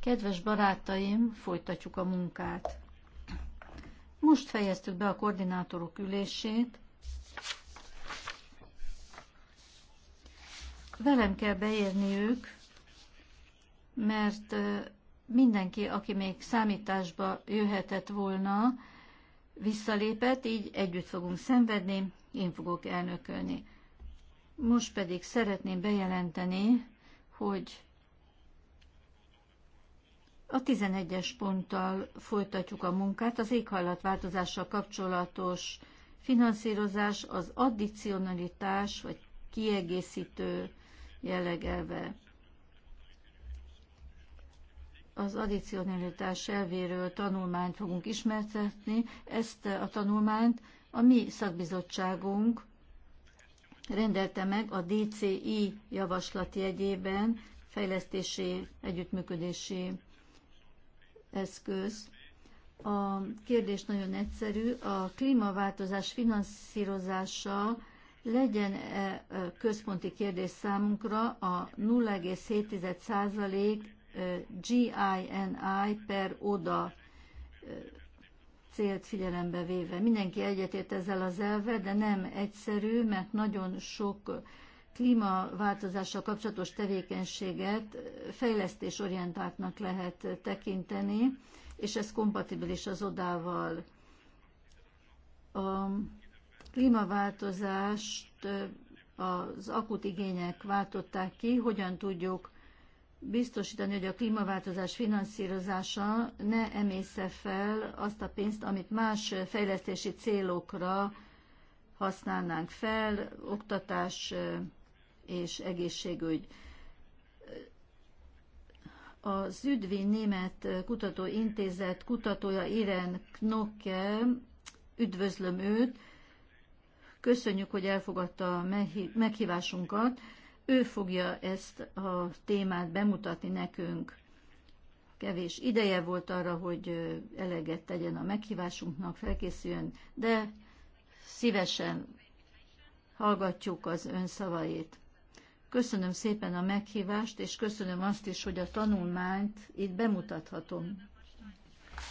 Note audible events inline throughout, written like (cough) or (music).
Kedves barátaim, folytatjuk a munkát. Most fejeztük be a koordinátorok ülését. Velem kell beérniük, mert mindenki, aki még számításba jöhetett volna, visszalépett, így együtt fogunk szenvedni, én fogok elnökölni. Most pedig szeretném bejelenteni, hogy a 11-es ponttal folytatjuk a munkát. Az éghajlatváltozással kapcsolatos finanszírozás az addicionalitás vagy kiegészítő jellegelve. Az addicionalitás elvéről tanulmányt fogunk ismertetni. Ezt a tanulmányt a mi szakbizottságunk rendelte meg a DCI javaslati egyében fejlesztési együttműködési eszköz. A kérdés nagyon egyszerű. A klímaváltozás finanszírozása legyen -e központi kérdés számunkra a 0,7% GINI per oda célt figyelembe véve. Mindenki egyetért ezzel az elve, de nem egyszerű, mert nagyon sok klímaváltozással kapcsolatos tevékenységet fejlesztésorientáltnak lehet tekinteni, és ez kompatibilis az odával. A klímaváltozást az akut igények váltották ki, hogyan tudjuk biztosítani, hogy a klímaváltozás finanszírozása ne emésze fel azt a pénzt, amit más fejlesztési célokra használnánk fel, oktatás, és egészségügy. Az üdvény német kutatóintézet kutatója Irene Knocke, üdvözlöm őt, köszönjük, hogy elfogadta a meghívásunkat. Ő fogja ezt a témát bemutatni nekünk kevés ideje volt arra, hogy eleget tegyen a meghívásunknak, felkészüljön, de szívesen hallgatjuk az ön szavait. Köszönöm szépen a meghívást, és köszönöm azt is, hogy a tanulmányt itt bemutathatom.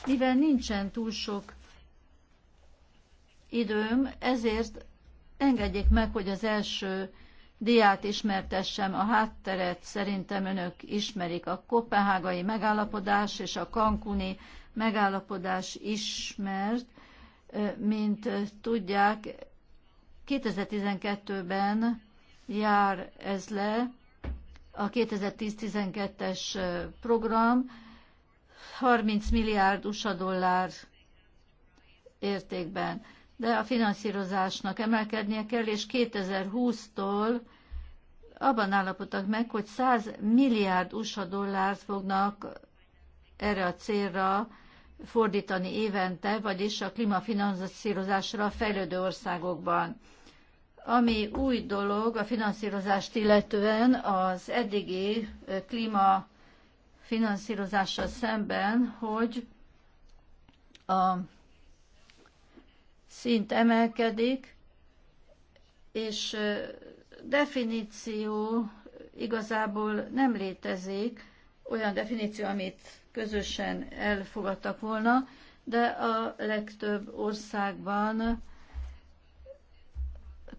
Mivel nincsen túl sok időm, ezért engedjék meg, hogy az első diát ismertessem. A hátteret szerintem önök ismerik. A kopenhágai megállapodás és a kankuni megállapodás ismert, mint tudják, 2012-ben jár ez le, a 2010-12-es program 30 milliárd USA dollár értékben. De a finanszírozásnak emelkednie kell, és 2020-tól abban állapodtak meg, hogy 100 milliárd USA dollárt fognak erre a célra fordítani évente, vagyis a klímafinanszírozásra a fejlődő országokban. Ami új dolog a finanszírozást illetően az eddigi klíma finanszírozással szemben, hogy a szint emelkedik, és definíció igazából nem létezik, olyan definíció, amit közösen elfogadtak volna, de a legtöbb országban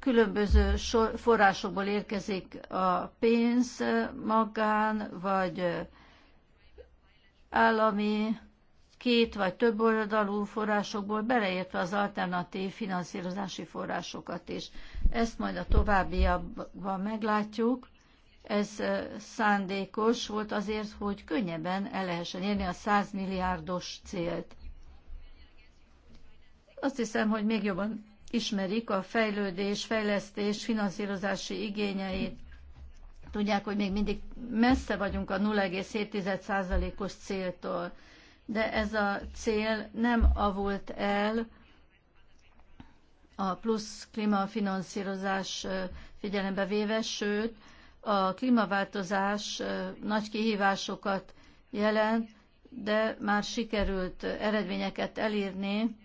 különböző forrásokból érkezik a pénz, magán vagy állami, két vagy több oldalú forrásokból, beleértve az alternatív finanszírozási forrásokat is. Ezt majd a továbbiakban meglátjuk. Ez szándékos volt azért, hogy könnyebben el lehessen érni a 100 milliárdos célt. Azt hiszem, hogy még jobban ismerik a fejlődés, fejlesztés, finanszírozási igényeit. Tudják, hogy még mindig messze vagyunk a 0,7%-os céltól, de ez a cél nem avult el a plusz klímafinanszírozás figyelembe véve, sőt, a klímaváltozás nagy kihívásokat jelent, de már sikerült eredményeket elérni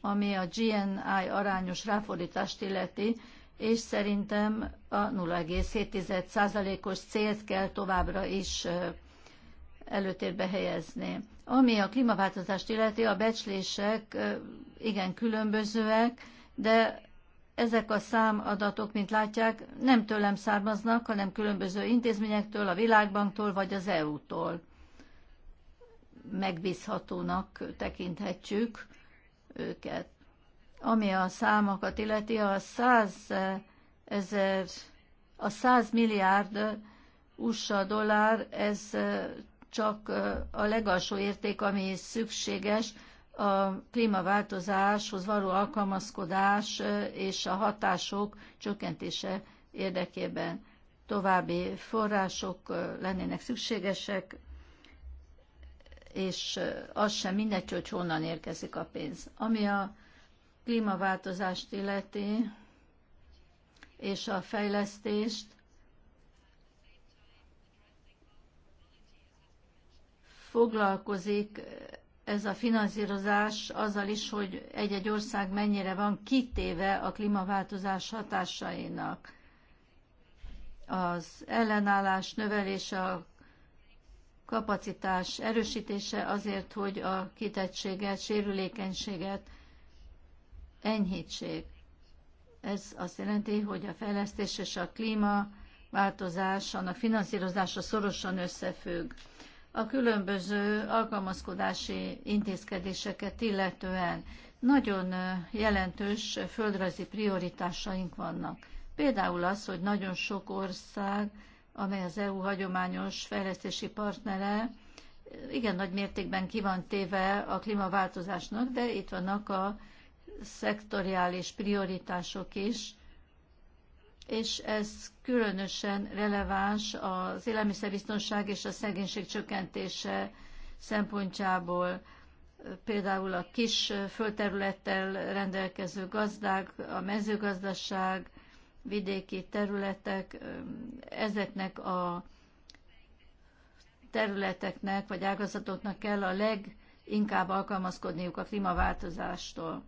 ami a GNI arányos ráfordítást illeti, és szerintem a 0,7%-os célt kell továbbra is előtérbe helyezni. Ami a klímaváltozást illeti, a becslések igen különbözőek, de ezek a számadatok, mint látják, nem tőlem származnak, hanem különböző intézményektől, a Világbanktól vagy az EU-tól. Megbízhatónak tekinthetjük őket. Ami a számokat illeti, a 100 ezer, a 100 milliárd USA dollár, ez csak a legalsó érték, ami szükséges a klímaváltozáshoz való alkalmazkodás és a hatások csökkentése érdekében. További források lennének szükségesek és az sem mindegy, hogy honnan érkezik a pénz. Ami a klímaváltozást illeti, és a fejlesztést, foglalkozik ez a finanszírozás azzal is, hogy egy-egy ország mennyire van kitéve a klímaváltozás hatásainak. Az ellenállás növelése a kapacitás erősítése azért, hogy a kitettséget, sérülékenységet enyhítsék. Ez azt jelenti, hogy a fejlesztés és a klímaváltozás, annak finanszírozása szorosan összefügg. A különböző alkalmazkodási intézkedéseket illetően nagyon jelentős földrajzi prioritásaink vannak. Például az, hogy nagyon sok ország amely az EU hagyományos fejlesztési partnere, igen nagy mértékben ki van téve a klímaváltozásnak, de itt vannak a szektoriális prioritások is, és ez különösen releváns az élelmiszerbiztonság és a szegénység csökkentése szempontjából. Például a kis földterülettel rendelkező gazdák, a mezőgazdaság, vidéki területek, ezeknek a területeknek vagy ágazatoknak kell a leginkább alkalmazkodniuk a klímaváltozástól.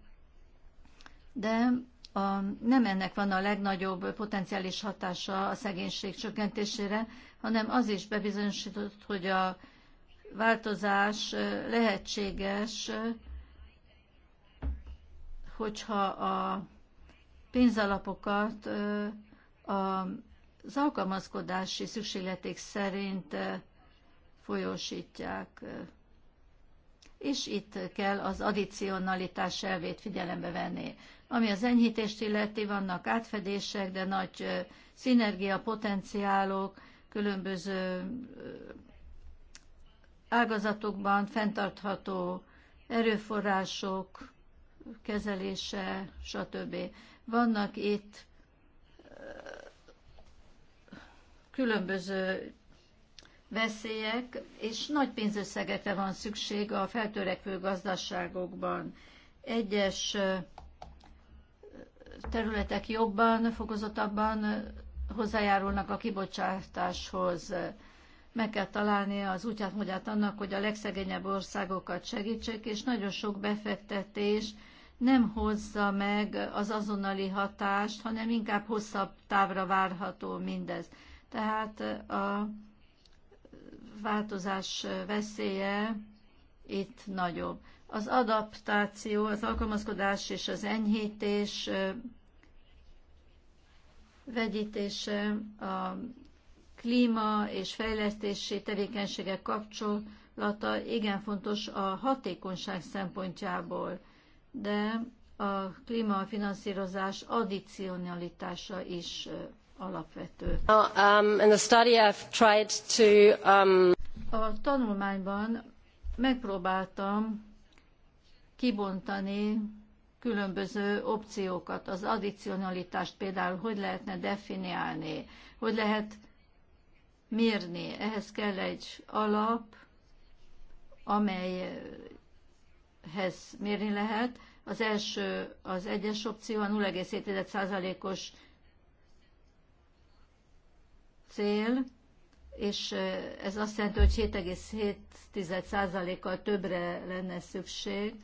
De a, nem ennek van a legnagyobb potenciális hatása a szegénység csökkentésére, hanem az is bebizonyosított, hogy a változás lehetséges, hogyha a pénzalapokat az alkalmazkodási szükségleték szerint folyósítják. És itt kell az addicionalitás elvét figyelembe venni. Ami az enyhítést illeti, vannak átfedések, de nagy szinergia, potenciálok, különböző ágazatokban fenntartható erőforrások kezelése, stb. Vannak itt különböző veszélyek, és nagy pénzösszegekre van szükség a feltörekvő gazdaságokban. Egyes területek jobban, fokozottabban hozzájárulnak a kibocsátáshoz. Meg kell találni az útját, módját annak, hogy a legszegényebb országokat segítsék, és nagyon sok befektetés nem hozza meg az azonnali hatást, hanem inkább hosszabb távra várható mindez. Tehát a változás veszélye itt nagyobb. Az adaptáció, az alkalmazkodás és az enyhítés vegyítése a klíma és fejlesztési tevékenységek kapcsolata igen fontos a hatékonyság szempontjából de a klímafinanszírozás addicionalitása is alapvető. Uh, um, um, a tanulmányban megpróbáltam kibontani különböző opciókat, az addicionalitást például hogy lehetne definiálni, hogy lehet mérni. Ehhez kell egy alap, amely hez mérni lehet. Az első, az egyes opció a 0,7%-os cél, és ez azt jelenti, hogy 7,7%-kal többre lenne szükség.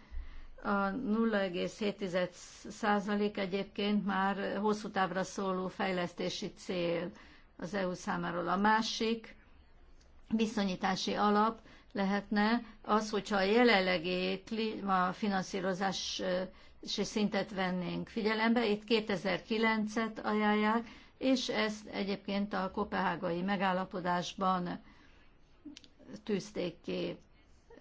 A 0,7% egyébként már hosszú távra szóló fejlesztési cél az EU számáról. A másik viszonyítási alap lehetne az, hogyha a jelenlegi és szintet vennénk figyelembe, itt 2009-et ajánlják, és ezt egyébként a kopehágai megállapodásban tűzték ki.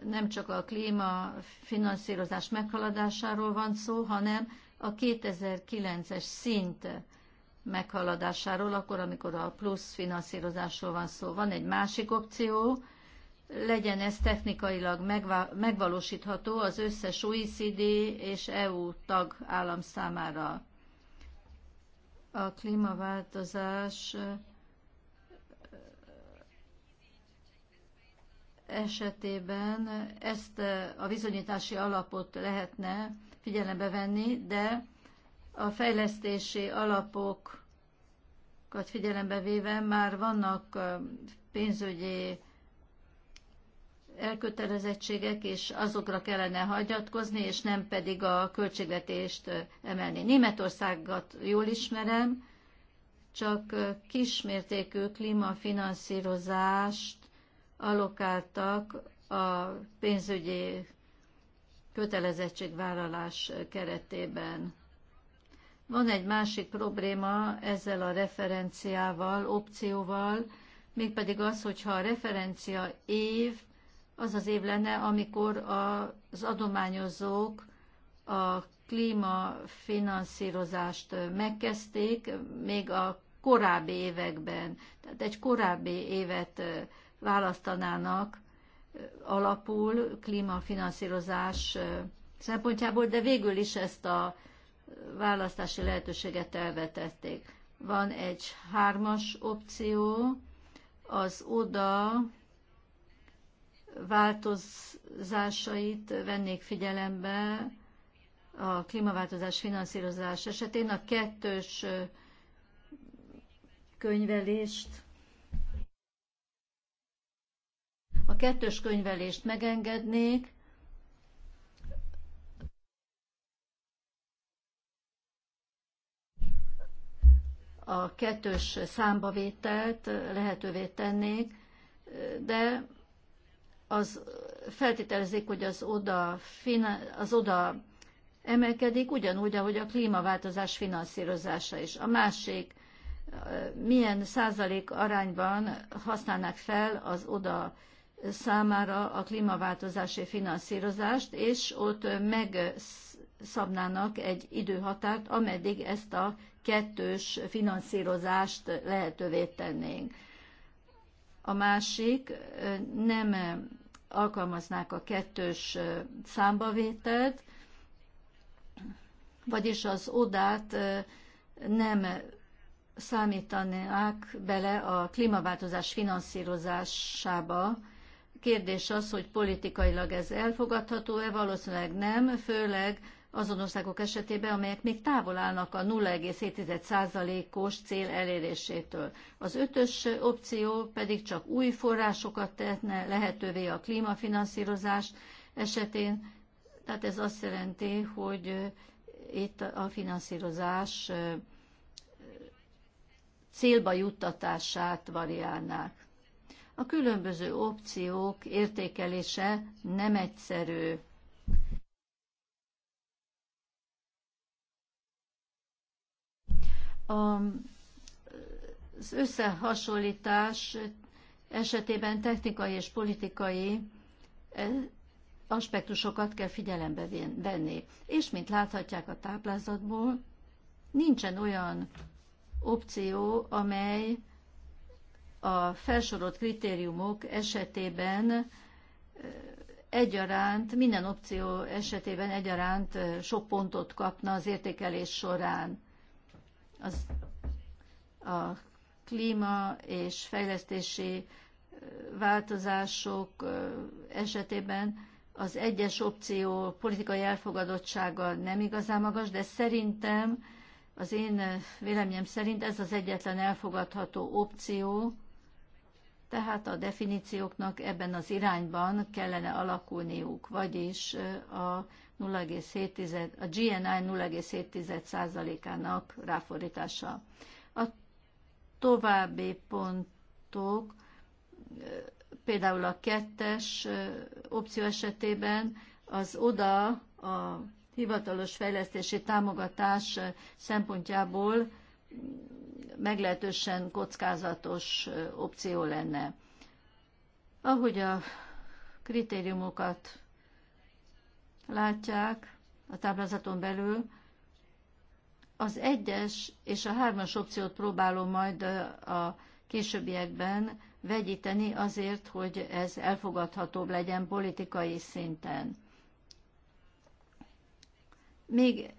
Nem csak a klímafinanszírozás meghaladásáról van szó, hanem a 2009-es szint meghaladásáról, akkor, amikor a plusz finanszírozásról van szó. Van egy másik opció, legyen ez technikailag megvalósítható az összes OECD és EU tagállam számára. A klímaváltozás eh, esetében ezt eh, a bizonyítási alapot lehetne figyelembe venni, de a fejlesztési alapokat figyelembe véve már vannak eh, pénzügyi elkötelezettségek, és azokra kellene hagyatkozni, és nem pedig a költségvetést emelni. Németországot jól ismerem, csak kismértékű klímafinanszírozást alokáltak a pénzügyi kötelezettségvállalás keretében. Van egy másik probléma ezzel a referenciával, opcióval, mégpedig az, hogyha a referencia év az az év lenne, amikor az adományozók a klímafinanszírozást megkezdték, még a korábbi években, tehát egy korábbi évet választanának alapul klímafinanszírozás szempontjából, de végül is ezt a választási lehetőséget elvetették. Van egy hármas opció, az oda változásait vennék figyelembe a klímaváltozás finanszírozás esetén. A kettős könyvelést a kettős könyvelést megengednék, a kettős számbavételt lehetővé tennék, de az feltételezik, hogy az oda, az oda emelkedik, ugyanúgy, ahogy a klímaváltozás finanszírozása is. A másik, eh, milyen százalék arányban használnák fel az oda számára a klímaváltozási finanszírozást, és ott megszabnának egy időhatárt, ameddig ezt a kettős finanszírozást lehetővé tennénk a másik nem alkalmaznák a kettős számbavételt, vagyis az odát nem számítanák bele a klímaváltozás finanszírozásába. Kérdés az, hogy politikailag ez elfogadható-e, valószínűleg nem, főleg azon országok esetében, amelyek még távol állnak a 0,7%-os cél elérésétől. Az ötös opció pedig csak új forrásokat tehetne lehetővé a klímafinanszírozás esetén, tehát ez azt jelenti, hogy itt a finanszírozás célba juttatását variálnák. A különböző opciók értékelése nem egyszerű az összehasonlítás esetében technikai és politikai e, aspektusokat kell figyelembe venni. És mint láthatják a táblázatból, nincsen olyan opció, amely a felsorolt kritériumok esetében e, egyaránt, minden opció esetében egyaránt e, sok pontot kapna az értékelés során az, a klíma és fejlesztési változások esetében az egyes opció politikai elfogadottsága nem igazán magas, de szerintem, az én véleményem szerint ez az egyetlen elfogadható opció, tehát a definícióknak ebben az irányban kellene alakulniuk, vagyis a 0,7, a GNI 0,7%-ának ráfordítása. A további pontok, például a kettes opció esetében az oda a hivatalos fejlesztési támogatás szempontjából meglehetősen kockázatos opció lenne. Ahogy a kritériumokat látják a táblázaton belül, az egyes és a hármas opciót próbálom majd a későbbiekben vegyíteni azért, hogy ez elfogadhatóbb legyen politikai szinten. Még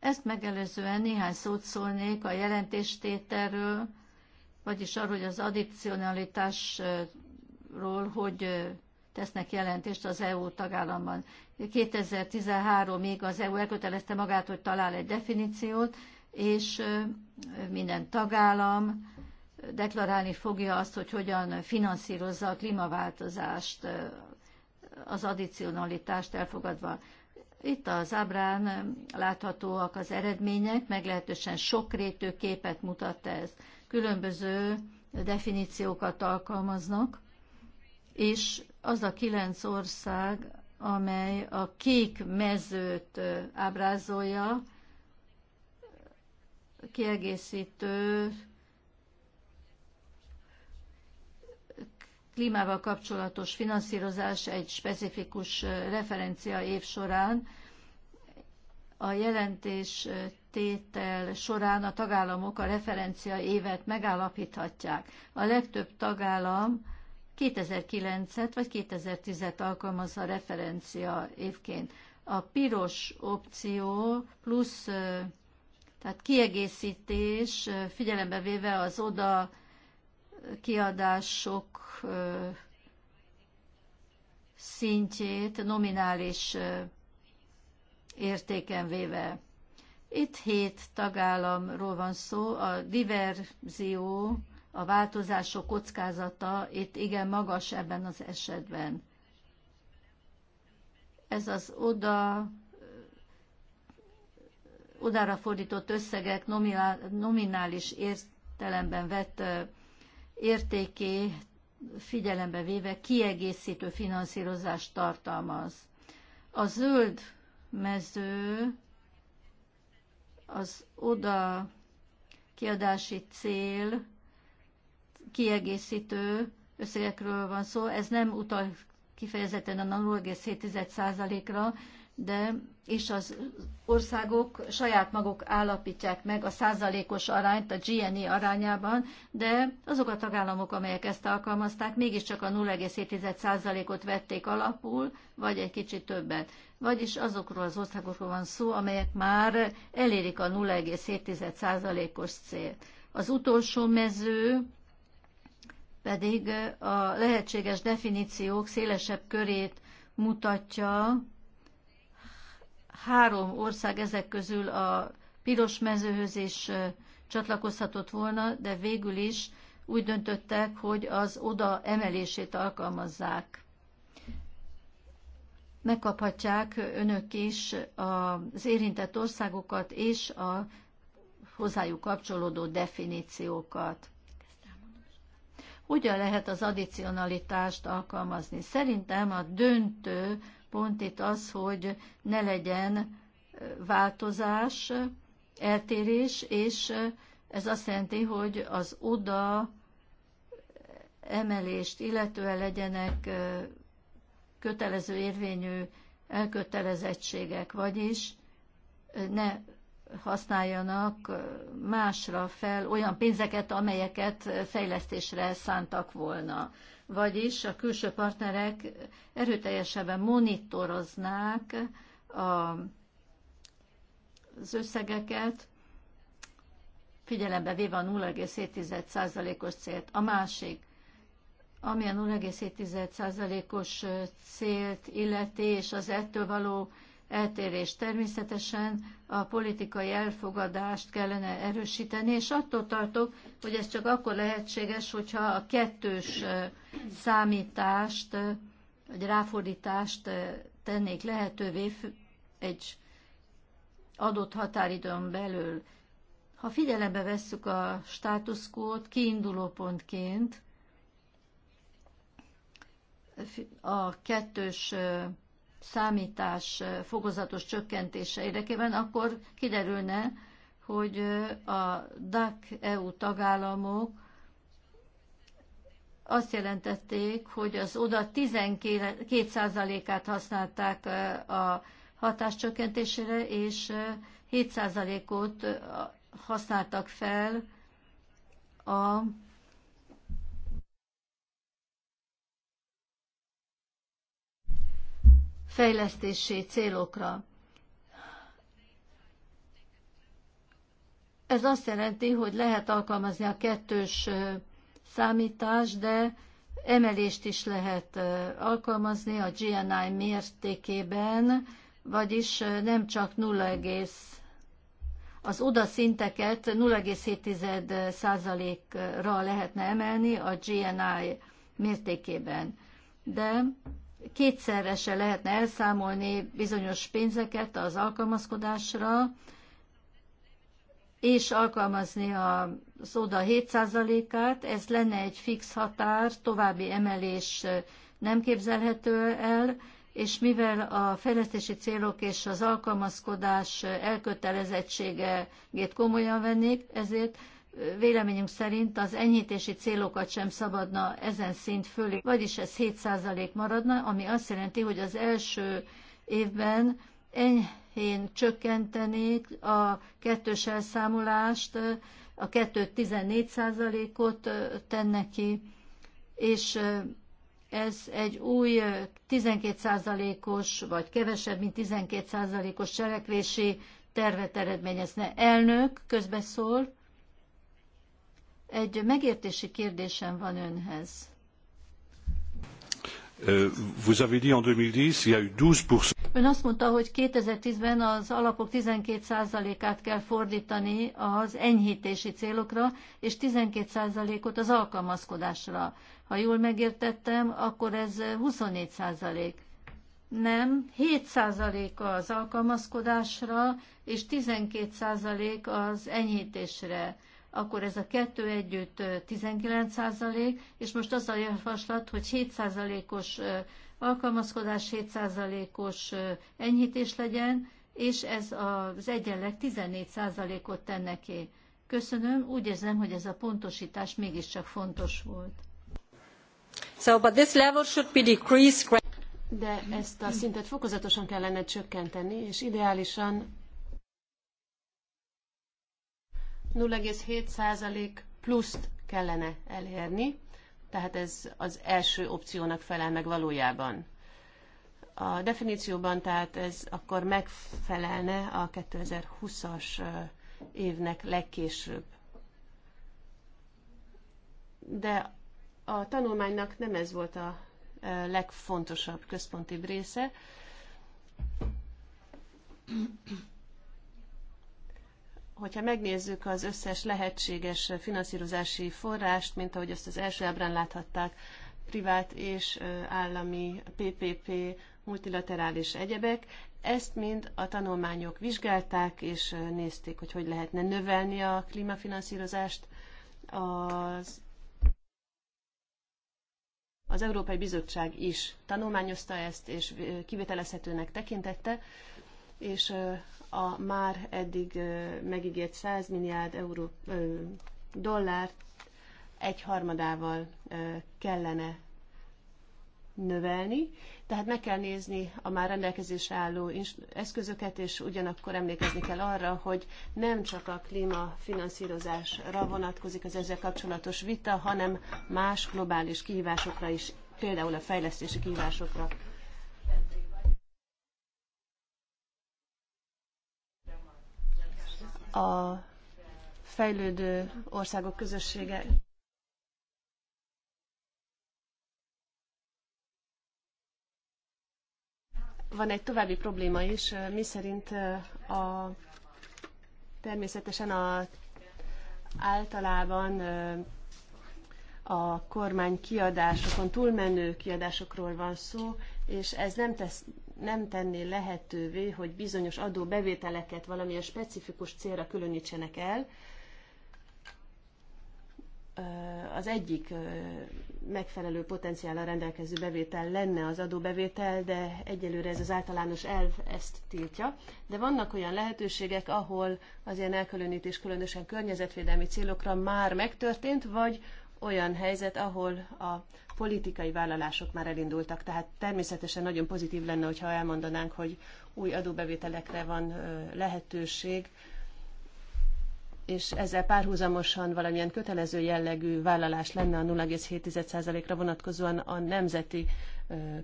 ezt megelőzően néhány szót szólnék a jelentéstételről, vagyis arról, hogy az addicionalitásról hogy tesznek jelentést az EU tagállamban. 2013-ig az EU elkötelezte magát, hogy talál egy definíciót, és minden tagállam deklarálni fogja azt, hogy hogyan finanszírozza a klímaváltozást, az addicionalitást elfogadva. Itt az ábrán láthatóak az eredmények, meglehetősen sokrétű képet mutat ez. Különböző definíciókat alkalmaznak, és az a kilenc ország, amely a kék mezőt ábrázolja, kiegészítő klímával kapcsolatos finanszírozás egy specifikus referencia év során. A jelentés tétel során a tagállamok a referencia évet megállapíthatják. A legtöbb tagállam 2009-et vagy 2010-et alkalmazza a referencia évként. A piros opció plusz tehát kiegészítés, figyelembe véve az oda kiadások szintjét nominális értéken véve. Itt hét tagállamról van szó, a diverzió a változások kockázata itt igen magas ebben az esetben. Ez az oda odára fordított összegek nominális értelemben vett értéké figyelembe véve kiegészítő finanszírozást tartalmaz. A zöld mező az oda kiadási cél kiegészítő összegekről van szó, ez nem utal kifejezetten a 0,7%-ra, de és az országok saját maguk állapítják meg a százalékos arányt a GNI arányában, de azok a tagállamok, amelyek ezt alkalmazták, mégiscsak a 0,7%-ot vették alapul, vagy egy kicsit többet. Vagyis azokról az országokról van szó, amelyek már elérik a 0,7%-os célt. Az utolsó mező pedig a lehetséges definíciók szélesebb körét mutatja. Három ország ezek közül a piros mezőhöz is csatlakozhatott volna, de végül is úgy döntöttek, hogy az oda emelését alkalmazzák. Megkaphatják önök is az érintett országokat és a hozzájuk kapcsolódó definíciókat hogyan lehet az addicionalitást alkalmazni. Szerintem a döntő pont itt az, hogy ne legyen változás, eltérés, és ez azt jelenti, hogy az oda emelést illetően legyenek kötelező érvényű elkötelezettségek, vagyis ne használjanak másra fel olyan pénzeket, amelyeket fejlesztésre szántak volna. Vagyis a külső partnerek erőteljesebben monitoroznák a, az összegeket, figyelembe véve a 0,7%-os célt. A másik, ami a 0,7%-os célt illeti, és az ettől való eltérés. Természetesen a politikai elfogadást kellene erősíteni, és attól tartok, hogy ez csak akkor lehetséges, hogyha a kettős számítást, vagy ráfordítást tennék lehetővé egy adott határidőn belül. Ha figyelembe vesszük a státuszkót kiinduló pontként, a kettős számítás fokozatos csökkentése érdekében, akkor kiderülne, hogy a DAC-EU tagállamok azt jelentették, hogy az oda 12%-át használták a hatáscsökkentésére, és 7%-ot használtak fel a fejlesztési célokra. Ez azt jelenti, hogy lehet alkalmazni a kettős számítás, de emelést is lehet alkalmazni a GNI mértékében, vagyis nem csak 0, az oda szinteket 0,7%-ra lehetne emelni a GNI mértékében. De se lehetne elszámolni bizonyos pénzeket az alkalmazkodásra, és alkalmazni a szóda 7%-át, ez lenne egy fix határ, további emelés nem képzelhető el, és mivel a fejlesztési célok és az alkalmazkodás elkötelezettségét komolyan vennék, ezért véleményünk szerint az enyhítési célokat sem szabadna ezen szint fölé, vagyis ez 7% maradna, ami azt jelenti, hogy az első évben enyhén csökkentenék a kettős elszámolást, a kettőt 14%-ot tenne ki, és ez egy új 12%-os, vagy kevesebb, mint 12%-os cselekvési tervet eredményezne. Elnök közbeszól egy megértési kérdésem van önhez. Euh, vous avez dit en 2010, il y a eu 12%. Ön azt mondta, hogy 2010-ben az alapok 12%-át kell fordítani az enyhítési célokra, és 12%-ot az alkalmazkodásra. Ha jól megértettem, akkor ez 24%. Nem, 7% az alkalmazkodásra, és 12% az enyhítésre akkor ez a kettő együtt 19 százalék, és most az a javaslat, hogy 7 százalékos alkalmazkodás, 7 százalékos enyhítés legyen, és ez az egyenleg 14 százalékot tenne ki. Köszönöm, úgy érzem, hogy ez a pontosítás mégiscsak fontos volt. So, but this level should be decreased. De ezt a szintet fokozatosan kellene csökkenteni, és ideálisan 0,7% pluszt kellene elérni, tehát ez az első opciónak felel meg valójában. A definícióban tehát ez akkor megfelelne a 2020-as évnek legkésőbb. De a tanulmánynak nem ez volt a legfontosabb, központi része hogyha megnézzük az összes lehetséges finanszírozási forrást, mint ahogy ezt az első ábrán láthatták, privát és állami PPP, multilaterális egyebek, ezt mind a tanulmányok vizsgálták, és nézték, hogy hogy lehetne növelni a klímafinanszírozást. Az, az Európai Bizottság is tanulmányozta ezt, és kivitelezhetőnek tekintette és a már eddig megígért 100 milliárd euró, dollár egy harmadával kellene növelni. Tehát meg kell nézni a már rendelkezésre álló eszközöket, és ugyanakkor emlékezni kell arra, hogy nem csak a klímafinanszírozásra vonatkozik az ezzel kapcsolatos vita, hanem más globális kihívásokra is, például a fejlesztési kihívásokra a fejlődő országok közössége van egy további probléma is, mi szerint a, természetesen a, általában a kormány kiadásokon túlmenő kiadásokról van szó, és ez nem tesz nem tenné lehetővé, hogy bizonyos adóbevételeket valamilyen specifikus célra különítsenek el, az egyik megfelelő potenciállal rendelkező bevétel lenne az adóbevétel, de egyelőre ez az általános elv ezt tiltja. De vannak olyan lehetőségek, ahol az ilyen elkülönítés különösen környezetvédelmi célokra már megtörtént, vagy olyan helyzet, ahol a politikai vállalások már elindultak. Tehát természetesen nagyon pozitív lenne, hogyha elmondanánk, hogy új adóbevételekre van lehetőség, és ezzel párhuzamosan valamilyen kötelező jellegű vállalás lenne a 0,7%-ra vonatkozóan a nemzeti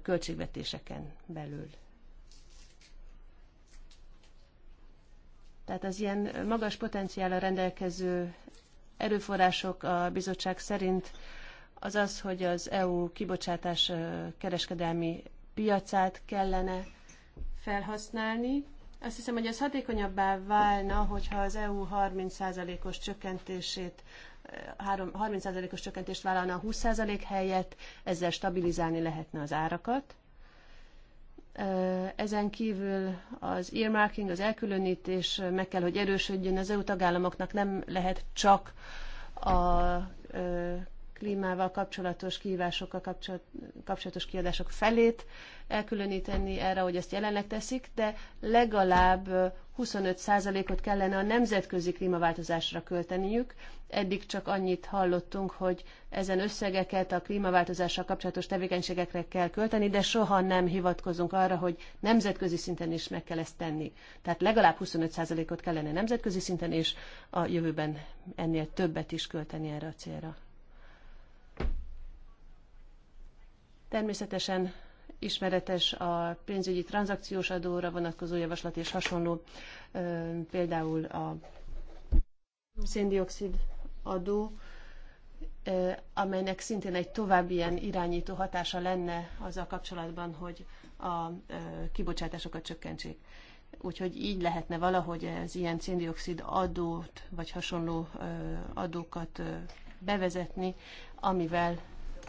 költségvetéseken belül. Tehát az ilyen magas potenciállal rendelkező erőforrások a bizottság szerint az az, hogy az EU kibocsátás kereskedelmi piacát kellene felhasználni. Azt hiszem, hogy ez hatékonyabbá válna, hogyha az EU 30%-os csökkentését 30%-os csökkentést vállalna a 20% helyett, ezzel stabilizálni lehetne az árakat. Ezen kívül az earmarking, az elkülönítés meg kell, hogy erősödjön. Az EU tagállamoknak nem lehet csak a klímával kapcsolatos kihívásokkal kapcsolatos kiadások felét elkülöníteni erre, hogy ezt jelenleg teszik, de legalább 25%-ot kellene a nemzetközi klímaváltozásra költeniük. Eddig csak annyit hallottunk, hogy ezen összegeket a klímaváltozással kapcsolatos tevékenységekre kell költeni, de soha nem hivatkozunk arra, hogy nemzetközi szinten is meg kell ezt tenni. Tehát legalább 25%-ot kellene nemzetközi szinten, és a jövőben ennél többet is költeni erre a célra. Természetesen ismeretes a pénzügyi tranzakciós adóra vonatkozó javaslat és hasonló, például a széndiokszid adó, amelynek szintén egy további ilyen irányító hatása lenne azzal kapcsolatban, hogy a kibocsátásokat csökkentsék. Úgyhogy így lehetne valahogy az ilyen széndiokszid adót, vagy hasonló adókat bevezetni, amivel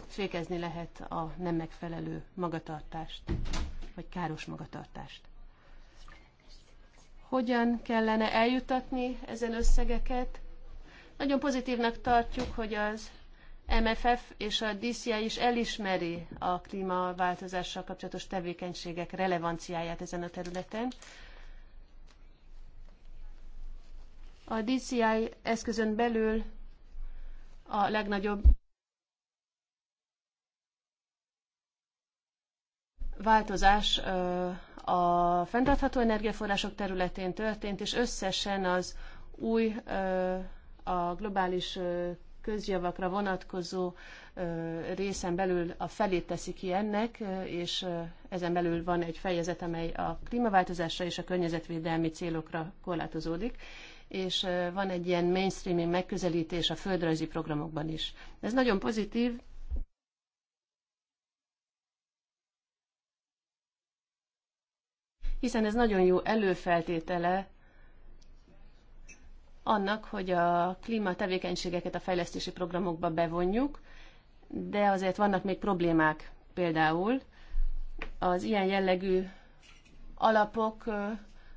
fékezni lehet a nem megfelelő magatartást, vagy káros magatartást. Hogyan kellene eljutatni ezen összegeket? Nagyon pozitívnak tartjuk, hogy az MFF és a DCI is elismeri a klímaváltozással kapcsolatos tevékenységek relevanciáját ezen a területen. A DCI eszközön belül a legnagyobb változás a fenntartható energiaforrások területén történt, és összesen az új, a globális közjavakra vonatkozó részen belül a felét teszi ki ennek, és ezen belül van egy fejezet, amely a klímaváltozásra és a környezetvédelmi célokra korlátozódik, és van egy ilyen mainstreaming megközelítés a földrajzi programokban is. Ez nagyon pozitív, hiszen ez nagyon jó előfeltétele annak, hogy a klíma tevékenységeket a fejlesztési programokba bevonjuk, de azért vannak még problémák. Például az ilyen jellegű alapok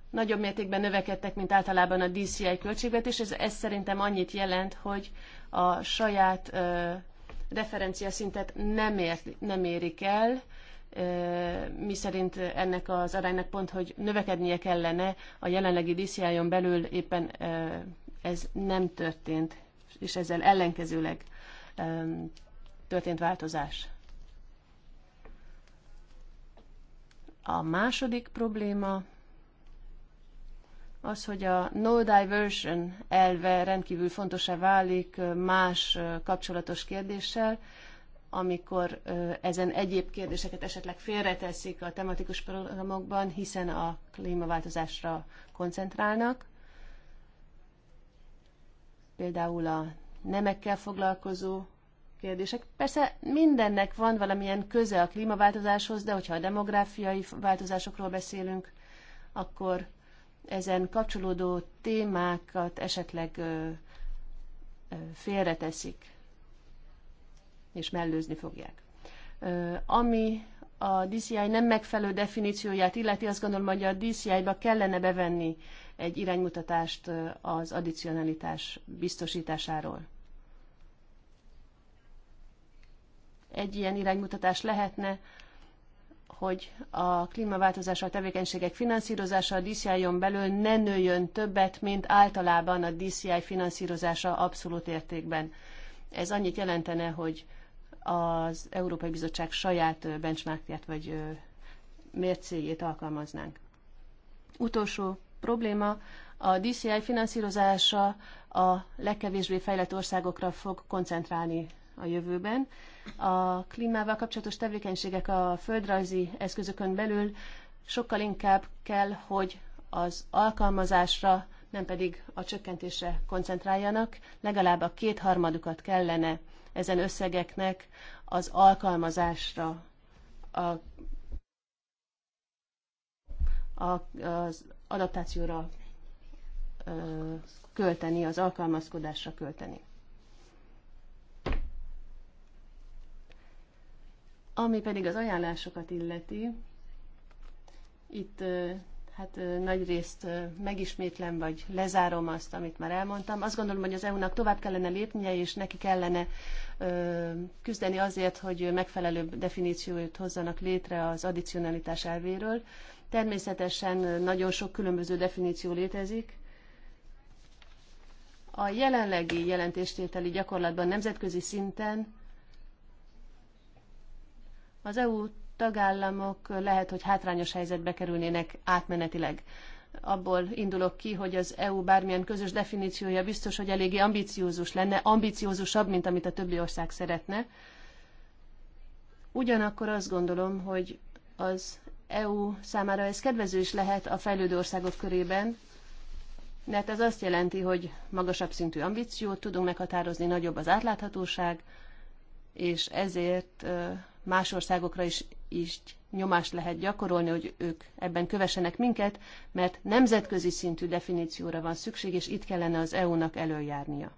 nagyobb mértékben növekedtek, mint általában a DCI költségvetés. Ez, ez szerintem annyit jelent, hogy a saját referencia szintet nem, ér, nem érik el, mi szerint ennek az aránynak pont, hogy növekednie kellene a jelenlegi DCI-on belül éppen ez nem történt, és ezzel ellenkezőleg történt változás. A második probléma az, hogy a no diversion elve rendkívül fontosá válik más kapcsolatos kérdéssel, amikor ezen egyéb kérdéseket esetleg félreteszik a tematikus programokban, hiszen a klímaváltozásra koncentrálnak. Például a nemekkel foglalkozó kérdések. Persze mindennek van valamilyen köze a klímaváltozáshoz, de hogyha a demográfiai változásokról beszélünk, akkor ezen kapcsolódó témákat esetleg félreteszik és mellőzni fogják. Ami a DCI nem megfelelő definícióját illeti, azt gondolom, hogy a DCI-ba kellene bevenni egy iránymutatást az addicionalitás biztosításáról. Egy ilyen iránymutatás lehetne, hogy a klímaváltozással tevékenységek finanszírozása a DCI-on belül ne nőjön többet, mint általában a DCI finanszírozása abszolút értékben. Ez annyit jelentene, hogy az Európai Bizottság saját benchmarkját vagy mércéjét alkalmaznánk. Utolsó probléma, a DCI finanszírozása a legkevésbé fejlett országokra fog koncentrálni a jövőben. A klímával kapcsolatos tevékenységek a földrajzi eszközökön belül sokkal inkább kell, hogy az alkalmazásra nem pedig a csökkentésre koncentráljanak. Legalább a kétharmadukat kellene ezen összegeknek az alkalmazásra, a, a, az adaptációra ö, költeni, az alkalmazkodásra költeni. Ami pedig az ajánlásokat illeti, itt Hát nagy részt megismétlem, vagy lezárom azt, amit már elmondtam. Azt gondolom, hogy az EU-nak tovább kellene lépnie, és neki kellene küzdeni azért, hogy megfelelőbb definíciót hozzanak létre az addicionalitás elvéről. Természetesen nagyon sok különböző definíció létezik. A jelenlegi jelentéstételi gyakorlatban nemzetközi szinten az EU tagállamok lehet, hogy hátrányos helyzetbe kerülnének átmenetileg. Abból indulok ki, hogy az EU bármilyen közös definíciója biztos, hogy eléggé ambiciózus lenne, ambiciózusabb, mint amit a többi ország szeretne. Ugyanakkor azt gondolom, hogy az EU számára ez kedvező is lehet a fejlődő országok körében, mert ez azt jelenti, hogy magasabb szintű ambíciót tudunk meghatározni, nagyobb az átláthatóság, és ezért más országokra is is nyomást lehet gyakorolni, hogy ők ebben kövessenek minket, mert nemzetközi szintű definícióra van szükség, és itt kellene az EU-nak előjárnia.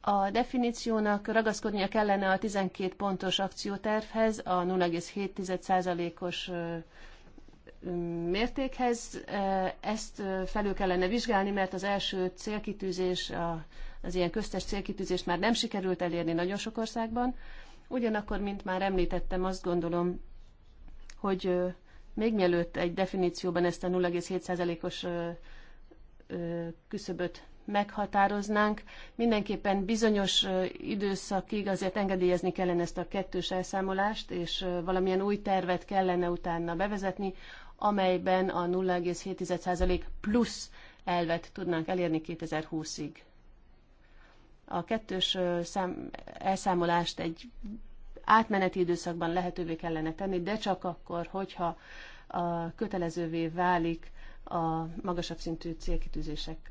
A definíciónak ragaszkodnia kellene a 12 pontos akciótervhez, a 0,7%-os mértékhez. Ezt felül kellene vizsgálni, mert az első célkitűzés a az ilyen köztes célkitűzést már nem sikerült elérni nagyon sok országban. Ugyanakkor, mint már említettem, azt gondolom, hogy még mielőtt egy definícióban ezt a 0,7%-os küszöböt meghatároznánk, mindenképpen bizonyos időszakig azért engedélyezni kellene ezt a kettős elszámolást, és valamilyen új tervet kellene utána bevezetni, amelyben a 0,7% plusz elvet tudnánk elérni 2020-ig a kettős szám, elszámolást egy átmeneti időszakban lehetővé kellene tenni, de csak akkor, hogyha a kötelezővé válik a magasabb szintű célkitűzések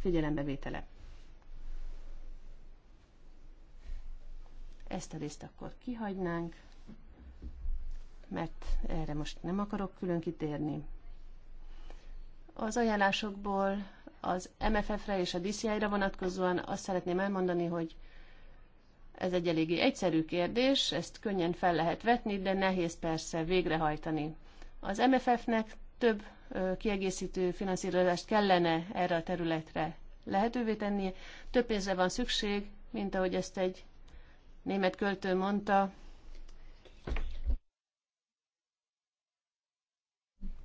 figyelembevétele. Ezt a részt akkor kihagynánk, mert erre most nem akarok külön kitérni. Az ajánlásokból az MFF-re és a DCI-ra vonatkozóan azt szeretném elmondani, hogy ez egy eléggé egyszerű kérdés, ezt könnyen fel lehet vetni, de nehéz persze végrehajtani. Az MFF-nek több kiegészítő finanszírozást kellene erre a területre lehetővé tenni. Több pénzre van szükség, mint ahogy ezt egy német költő mondta.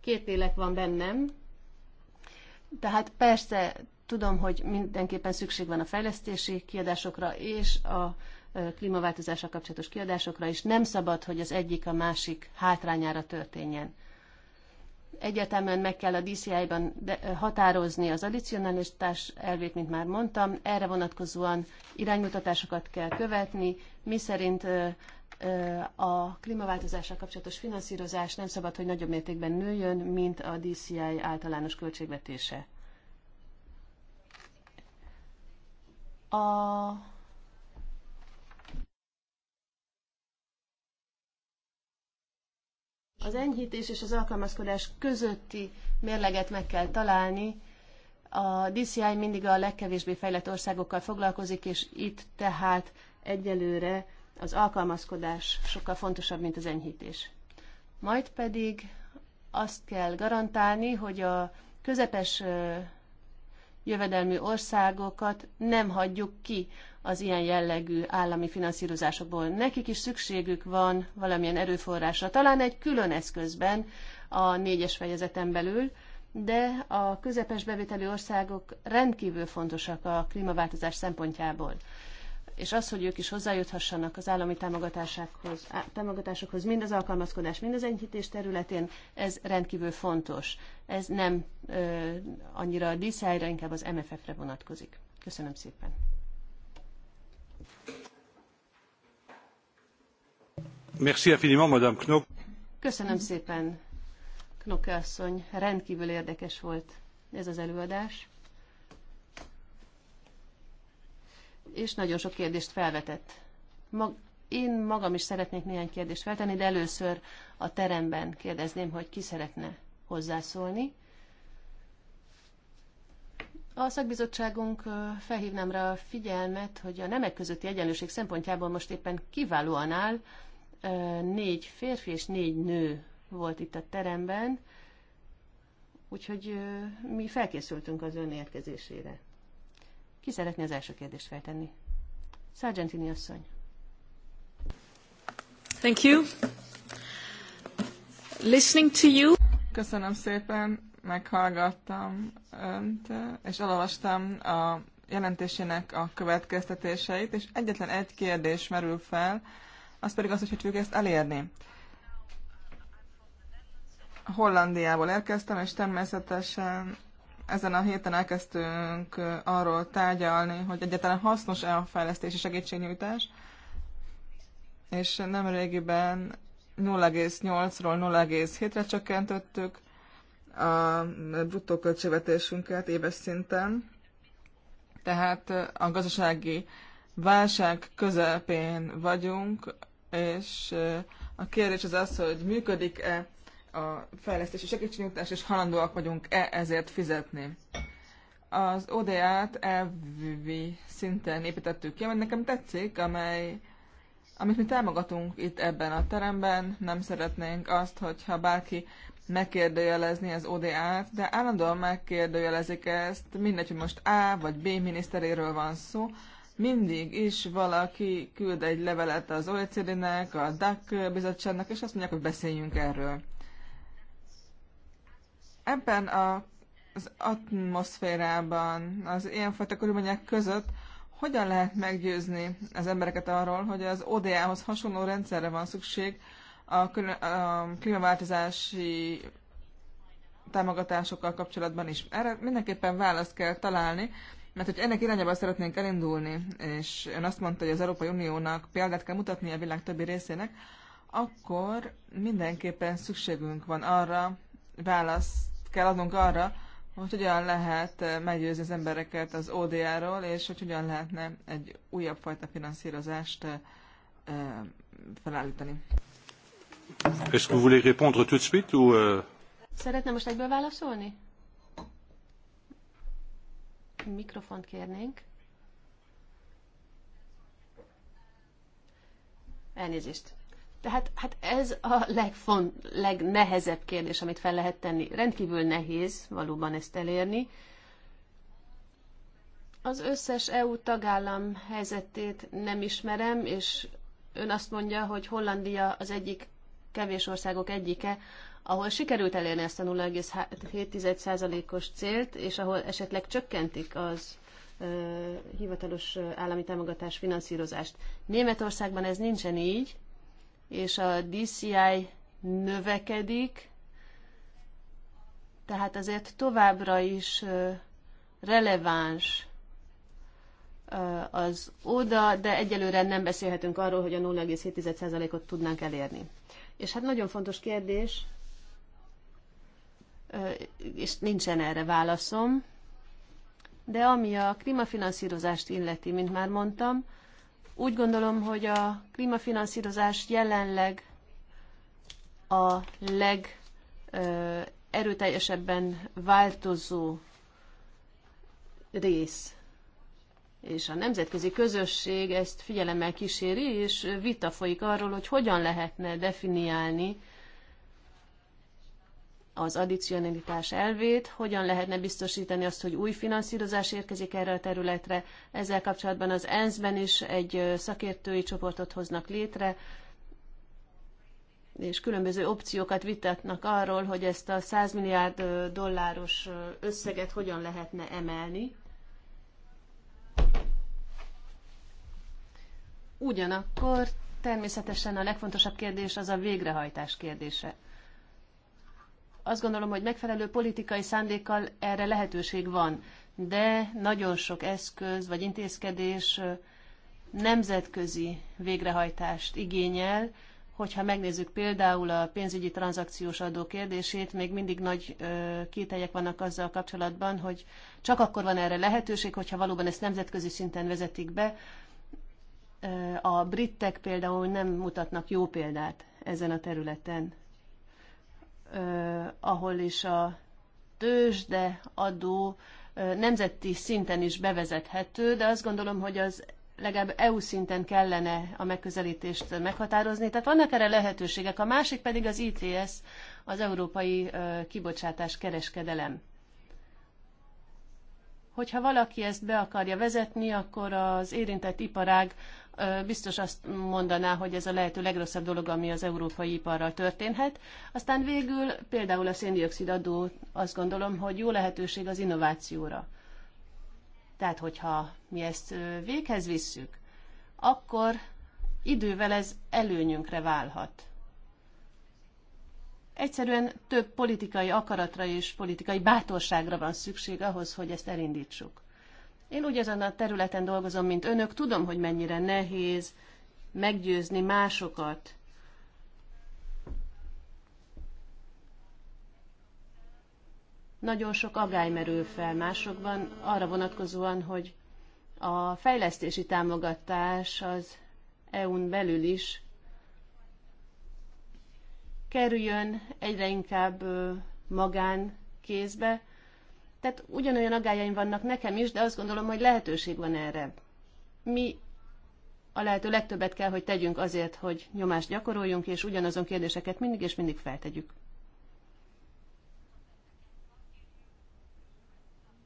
Két lélek van bennem, tehát persze tudom, hogy mindenképpen szükség van a fejlesztési kiadásokra és a klímaváltozással kapcsolatos kiadásokra is. Nem szabad, hogy az egyik a másik hátrányára történjen. Egyetemen meg kell a DCI-ban határozni az addicionalitás elvét, mint már mondtam. Erre vonatkozóan iránymutatásokat kell követni, mi szerint a klímaváltozással kapcsolatos finanszírozás nem szabad, hogy nagyobb mértékben nőjön, mint a DCI általános költségvetése. A Az enyhítés és az alkalmazkodás közötti mérleget meg kell találni. A DCI mindig a legkevésbé fejlett országokkal foglalkozik, és itt tehát egyelőre az alkalmazkodás sokkal fontosabb, mint az enyhítés. Majd pedig azt kell garantálni, hogy a közepes jövedelmű országokat nem hagyjuk ki az ilyen jellegű állami finanszírozásokból. Nekik is szükségük van valamilyen erőforrásra, talán egy külön eszközben a négyes fejezeten belül, de a közepes bevételi országok rendkívül fontosak a klímaváltozás szempontjából és az, hogy ők is hozzájuthassanak az állami támogatásokhoz, támogatásokhoz mind az alkalmazkodás, mind az enyhítés területén, ez rendkívül fontos. Ez nem ö, annyira a DCI-ra, inkább az MFF-re vonatkozik. Köszönöm szépen. Merci infiniment, Madame Knok. Köszönöm szépen, Knokke asszony. Rendkívül érdekes volt ez az előadás. és nagyon sok kérdést felvetett. Mag, én magam is szeretnék néhány kérdést feltenni, de először a teremben kérdezném, hogy ki szeretne hozzászólni. A szakbizottságunk felhívnám rá a figyelmet, hogy a nemek közötti egyenlőség szempontjából most éppen kiválóan áll. Négy férfi és négy nő volt itt a teremben, úgyhogy mi felkészültünk az ön érkezésére. Ki szeretné az első kérdést feltenni? Sargentini asszony. Thank you. Listening to you. Köszönöm szépen, meghallgattam önt, és elolvastam a jelentésének a következtetéseit, és egyetlen egy kérdés merül fel, az pedig az, hogy tudjuk ezt elérni. Hollandiából érkeztem, és természetesen ezen a héten elkezdtünk arról tárgyalni, hogy egyáltalán hasznos-e a fejlesztési segítségnyújtás, és nem régiben 0,8-ról 0,7-re csökkentettük a bruttó költségvetésünket éves szinten. Tehát a gazdasági válság közepén vagyunk, és a kérdés az az, hogy működik-e a fejlesztési segítségnyújtás, és halandóak vagyunk -e ezért fizetni. Az ODA-t elvi szinten építettük ki, amit nekem tetszik, amely, amit mi támogatunk itt ebben a teremben. Nem szeretnénk azt, hogyha bárki megkérdőjelezni az ODA-t, de állandóan megkérdőjelezik ezt, mindegy, hogy most A vagy B miniszteréről van szó, mindig is valaki küld egy levelet az OECD-nek, a DAC bizottságnak, és azt mondják, hogy beszéljünk erről. Ebben a, az atmoszférában, az ilyenfajta körülmények között hogyan lehet meggyőzni az embereket arról, hogy az ODA-hoz hasonló rendszerre van szükség a, a klímaváltozási támogatásokkal kapcsolatban is. Erre mindenképpen választ kell találni, mert hogy ennek irányába szeretnénk elindulni, és ön azt mondta, hogy az Európai Uniónak példát kell mutatni a világ többi részének, akkor mindenképpen szükségünk van arra választ kell adnunk arra, hogy hogyan lehet eh, meggyőzni az embereket az ODA-ról, és hogy hogyan lehetne egy újabb fajta finanszírozást eh, eh, felállítani. Est-ce que vous voulez répondre tout de suite ou... Euh? Szeretne most egyből válaszolni? Mikrofont kérnénk. Elnézést. Tehát hát ez a legfont, legnehezebb kérdés, amit fel lehet tenni. Rendkívül nehéz valóban ezt elérni. Az összes EU tagállam helyzetét nem ismerem, és ön azt mondja, hogy Hollandia az egyik kevés országok egyike, ahol sikerült elérni ezt a 0,7%-os célt, és ahol esetleg csökkentik az ö, hivatalos állami támogatás finanszírozást. Németországban ez nincsen így, és a DCI növekedik, tehát azért továbbra is releváns az oda, de egyelőre nem beszélhetünk arról, hogy a 0,7%-ot tudnánk elérni. És hát nagyon fontos kérdés, és nincsen erre válaszom, de ami a klímafinanszírozást illeti, mint már mondtam, úgy gondolom, hogy a klímafinanszírozás jelenleg a legerőteljesebben változó rész. És a nemzetközi közösség ezt figyelemmel kíséri, és vita folyik arról, hogy hogyan lehetne definiálni az addicionalitás elvét, hogyan lehetne biztosítani azt, hogy új finanszírozás érkezik erre a területre. Ezzel kapcsolatban az ENSZ-ben is egy szakértői csoportot hoznak létre, és különböző opciókat vitatnak arról, hogy ezt a 100 milliárd dolláros összeget hogyan lehetne emelni. Ugyanakkor természetesen a legfontosabb kérdés az a végrehajtás kérdése azt gondolom, hogy megfelelő politikai szándékkal erre lehetőség van, de nagyon sok eszköz vagy intézkedés nemzetközi végrehajtást igényel, hogyha megnézzük például a pénzügyi tranzakciós adó kérdését, még mindig nagy ö, kételyek vannak azzal kapcsolatban, hogy csak akkor van erre lehetőség, hogyha valóban ezt nemzetközi szinten vezetik be. a britek például nem mutatnak jó példát ezen a területen ahol is a tőzsde adó nemzeti szinten is bevezethető, de azt gondolom, hogy az legalább EU szinten kellene a megközelítést meghatározni. Tehát vannak erre lehetőségek. A másik pedig az ITS, az Európai Kibocsátás Kereskedelem. Hogyha valaki ezt be akarja vezetni, akkor az érintett iparág biztos azt mondaná, hogy ez a lehető legrosszabb dolog, ami az európai iparral történhet. Aztán végül például a széndiokszid adó azt gondolom, hogy jó lehetőség az innovációra. Tehát, hogyha mi ezt véghez visszük, akkor idővel ez előnyünkre válhat. Egyszerűen több politikai akaratra és politikai bátorságra van szükség ahhoz, hogy ezt elindítsuk. Én ugyanazon a területen dolgozom, mint önök, tudom, hogy mennyire nehéz meggyőzni másokat nagyon sok agály merül fel másokban arra vonatkozóan, hogy a fejlesztési támogatás az EU-n belül is kerüljön egyre inkább magán kézbe, tehát ugyanolyan agályaim vannak nekem is, de azt gondolom, hogy lehetőség van erre. Mi a lehető legtöbbet kell, hogy tegyünk azért, hogy nyomást gyakoroljunk, és ugyanazon kérdéseket mindig és mindig feltegyük.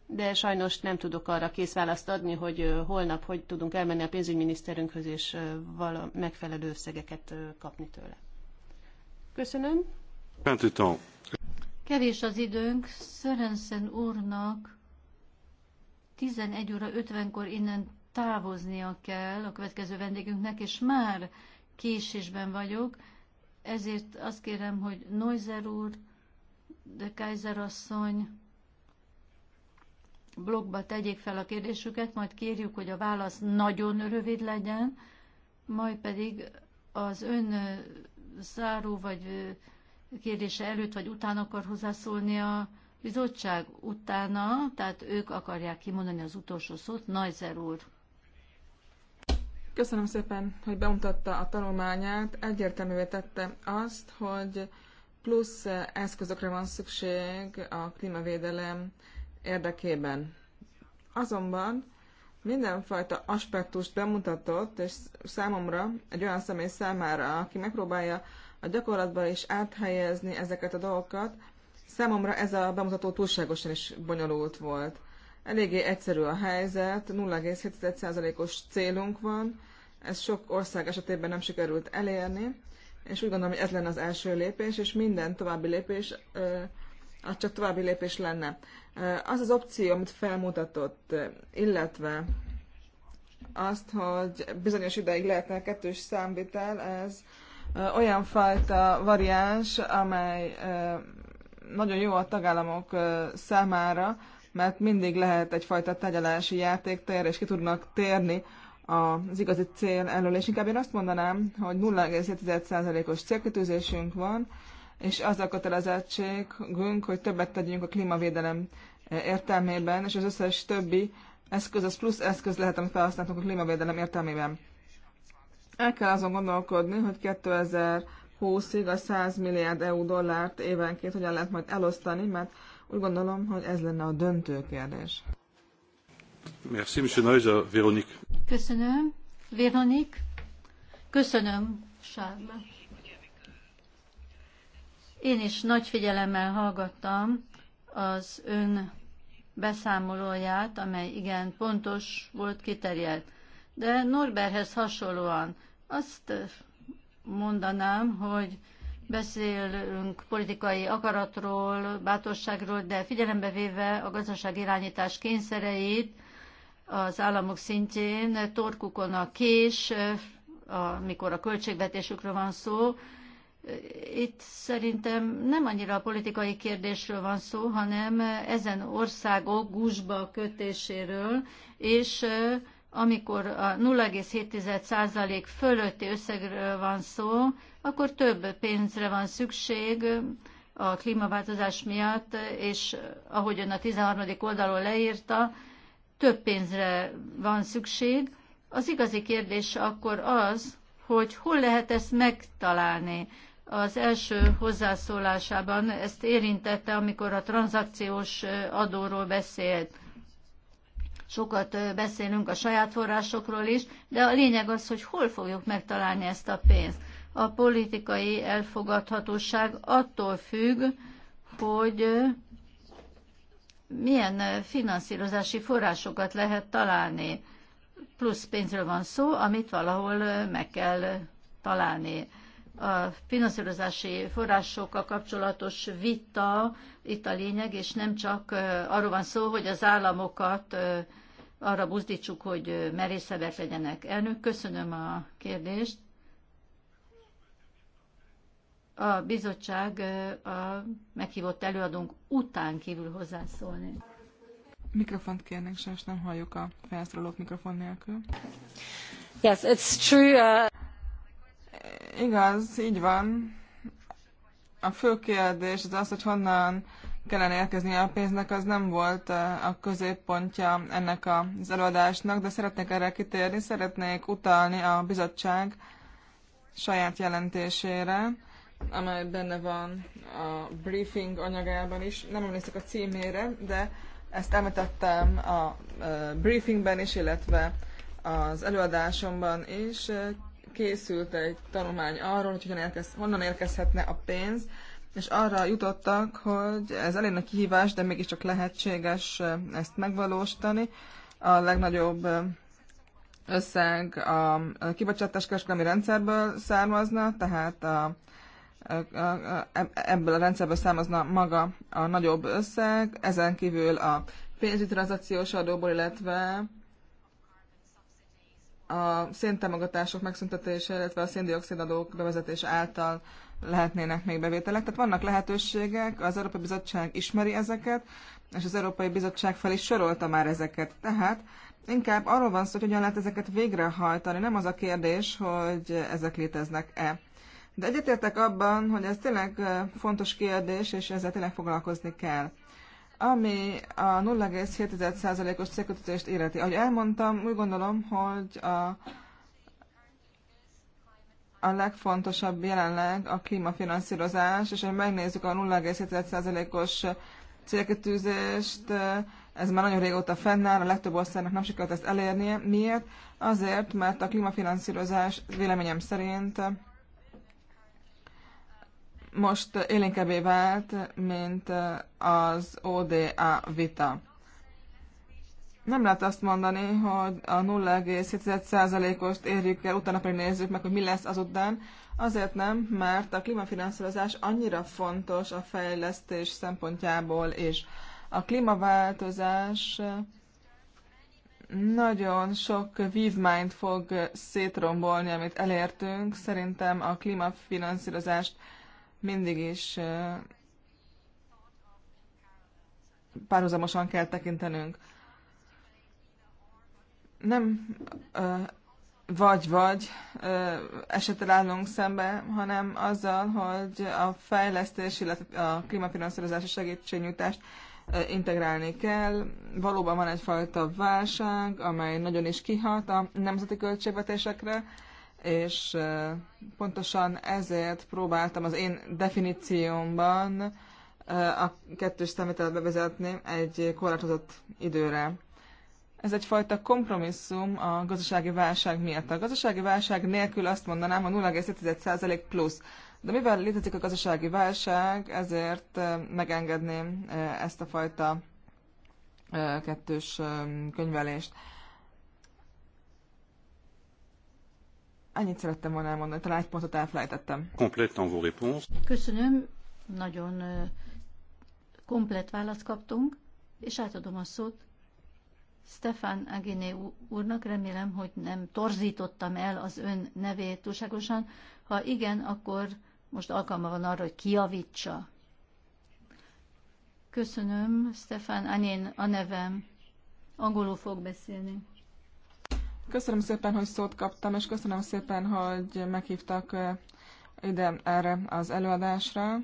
De sajnos nem tudok arra kész választ adni, hogy holnap hogy tudunk elmenni a pénzügyminiszterünkhöz, és vala megfelelő összegeket kapni tőle. Köszönöm. Köszönöm. Kevés az időnk, Szörenszen úrnak 11 óra 50-kor innen távoznia kell a következő vendégünknek, és már késésben vagyok, ezért azt kérem, hogy Noizer úr, de Kaiser asszony blogba tegyék fel a kérdésüket, majd kérjük, hogy a válasz nagyon rövid legyen, majd pedig az ön záró vagy kérdése előtt vagy utána akar hozzászólni a bizottság? Utána, tehát ők akarják kimondani az utolsó szót. Najzer úr. Köszönöm szépen, hogy bemutatta a tanulmányát. Egyértelművé tette azt, hogy plusz eszközökre van szükség a klímavédelem érdekében. Azonban mindenfajta aspektust bemutatott, és számomra, egy olyan személy számára, aki megpróbálja a gyakorlatban is áthelyezni ezeket a dolgokat. Számomra ez a bemutató túlságosan is bonyolult volt. Eléggé egyszerű a helyzet, 0,7%-os célunk van, ez sok ország esetében nem sikerült elérni, és úgy gondolom, hogy ez lenne az első lépés, és minden további lépés az csak további lépés lenne. Az az opció, amit felmutatott, illetve azt, hogy bizonyos ideig lehetne kettős számvitel, ez olyan fajta variáns, amely nagyon jó a tagállamok számára, mert mindig lehet egyfajta tegyelási játéktér, és ki tudnak térni az igazi cél elől, és inkább én azt mondanám, hogy 0,7%-os célkötőzésünk van, és az a kötelezettségünk, hogy többet tegyünk a klímavédelem értelmében, és az összes többi eszköz, az plusz eszköz lehet, amit felhasználtunk a klímavédelem értelmében. El kell azon gondolkodni, hogy 2020-ig a 100 milliárd EU dollárt évenként hogyan lehet majd elosztani, mert úgy gondolom, hogy ez lenne a döntő kérdés. Merci, Monsieur Neuser, uh, Véronik. Köszönöm, Véronik. Köszönöm, Sárma. Én is nagy figyelemmel hallgattam az ön beszámolóját, amely igen pontos volt, kiterjedt. De Norberhez hasonlóan azt mondanám, hogy beszélünk politikai akaratról, bátorságról, de figyelembe véve a gazdaság irányítás kényszereit az államok szintjén, torkukon a kés, amikor a költségvetésükről van szó, itt szerintem nem annyira a politikai kérdésről van szó, hanem ezen országok gúzsba kötéséről, és amikor a 0,7% fölötti összegről van szó, akkor több pénzre van szükség a klímaváltozás miatt, és ahogy ön a 13. oldalon leírta, több pénzre van szükség. Az igazi kérdés akkor az, hogy hol lehet ezt megtalálni. Az első hozzászólásában ezt érintette, amikor a tranzakciós adóról beszélt sokat beszélünk a saját forrásokról is, de a lényeg az, hogy hol fogjuk megtalálni ezt a pénzt. A politikai elfogadhatóság attól függ, hogy milyen finanszírozási forrásokat lehet találni. Plusz pénzről van szó, amit valahol meg kell találni a finanszírozási forrásokkal kapcsolatos vita itt a lényeg, és nem csak arról van szó, hogy az államokat arra buzdítsuk, hogy merészebbek legyenek. Elnök, köszönöm a kérdést. A bizottság a meghívott előadónk után kívül hozzászólni. Mikrofont kérnénk, sajnos nem halljuk a felszólalót mikrofon nélkül. Yes, it's true. Uh... Igaz, így van. A fő kérdés az az, hogy honnan kellene érkezni a pénznek, az nem volt eh, a középpontja ennek az előadásnak, de szeretnék erre kitérni, szeretnék utalni a bizottság saját jelentésére, amely benne van a briefing anyagában is. Nem emlékszem a címére, de ezt említettem a eh, briefingben is, illetve az előadásomban is készült egy tanulmány arról, hogy hogyan érkez, honnan érkezhetne a pénz, és arra jutottak, hogy ez elég nagy kihívás, de mégiscsak lehetséges eh, ezt megvalósítani. A legnagyobb eh, összeg a eh, kibocsátás kereskedelmi rendszerből származna, tehát a, e, ebből a rendszerből származna maga a nagyobb összeg, ezen kívül a pénzügyi tranzakciós adóból, illetve a széntemogatások megszüntetése, illetve a széndiokszidadók bevezetése által lehetnének még bevételek. Tehát vannak lehetőségek, az Európai Bizottság ismeri ezeket, és az Európai Bizottság fel is sorolta már ezeket. Tehát inkább arról van szó, hogy hogyan lehet ezeket végrehajtani. Nem az a kérdés, hogy ezek léteznek-e. De egyetértek abban, hogy ez tényleg eh, fontos kérdés, és ezzel tényleg foglalkozni kell. Ami a 0,7%-os célkötözést illeti. Ahogy elmondtam, úgy gondolom, hogy a, a legfontosabb jelenleg a klímafinanszírozás, és ha megnézzük a 0,7%-os célkitűzést, ez már nagyon régóta fennáll, a legtöbb országnak nem sikerült ezt elérnie. Miért? Azért, mert a klímafinanszírozás véleményem szerint most élénkebbé vált, mint az ODA vita. Nem lehet azt mondani, hogy a 0,7%-ost érjük el, utána pedig nézzük meg, hogy mi lesz azután. Azért nem, mert a klímafinanszírozás annyira fontos a fejlesztés szempontjából, és a klímaváltozás nagyon sok vívmányt fog szétrombolni, amit elértünk. Szerintem a klímafinanszírozást mindig is párhuzamosan kell tekintenünk. Nem vagy-vagy esetel állunk szembe, hanem azzal, hogy a fejlesztés, illetve a klímafinanszírozási segítségnyújtást integrálni kell. Valóban van egyfajta válság, amely nagyon is kihat a nemzeti költségvetésekre, és pontosan ezért próbáltam az én definíciómban a kettős szemételt bevezetni egy korlátozott időre. Ez egyfajta kompromisszum a gazdasági válság miatt. A gazdasági válság nélkül azt mondanám, hogy 0,7% plusz. De mivel létezik a gazdasági válság, ezért megengedném ezt a fajta kettős könyvelést. Annyit szerettem volna elmondani, talán egy pontot elfelejtettem. Köszönöm, nagyon komplet választ kaptunk, és átadom a szót Stefan Aginé úrnak, remélem, hogy nem torzítottam el az ön nevét túlságosan. Ha igen, akkor most alkalma van arra, hogy kiavítsa. Köszönöm, Stefan Anén a nevem. Angolul fog beszélni. Köszönöm szépen, hogy szót kaptam, és köszönöm szépen, hogy meghívtak eh, ide erre az előadásra.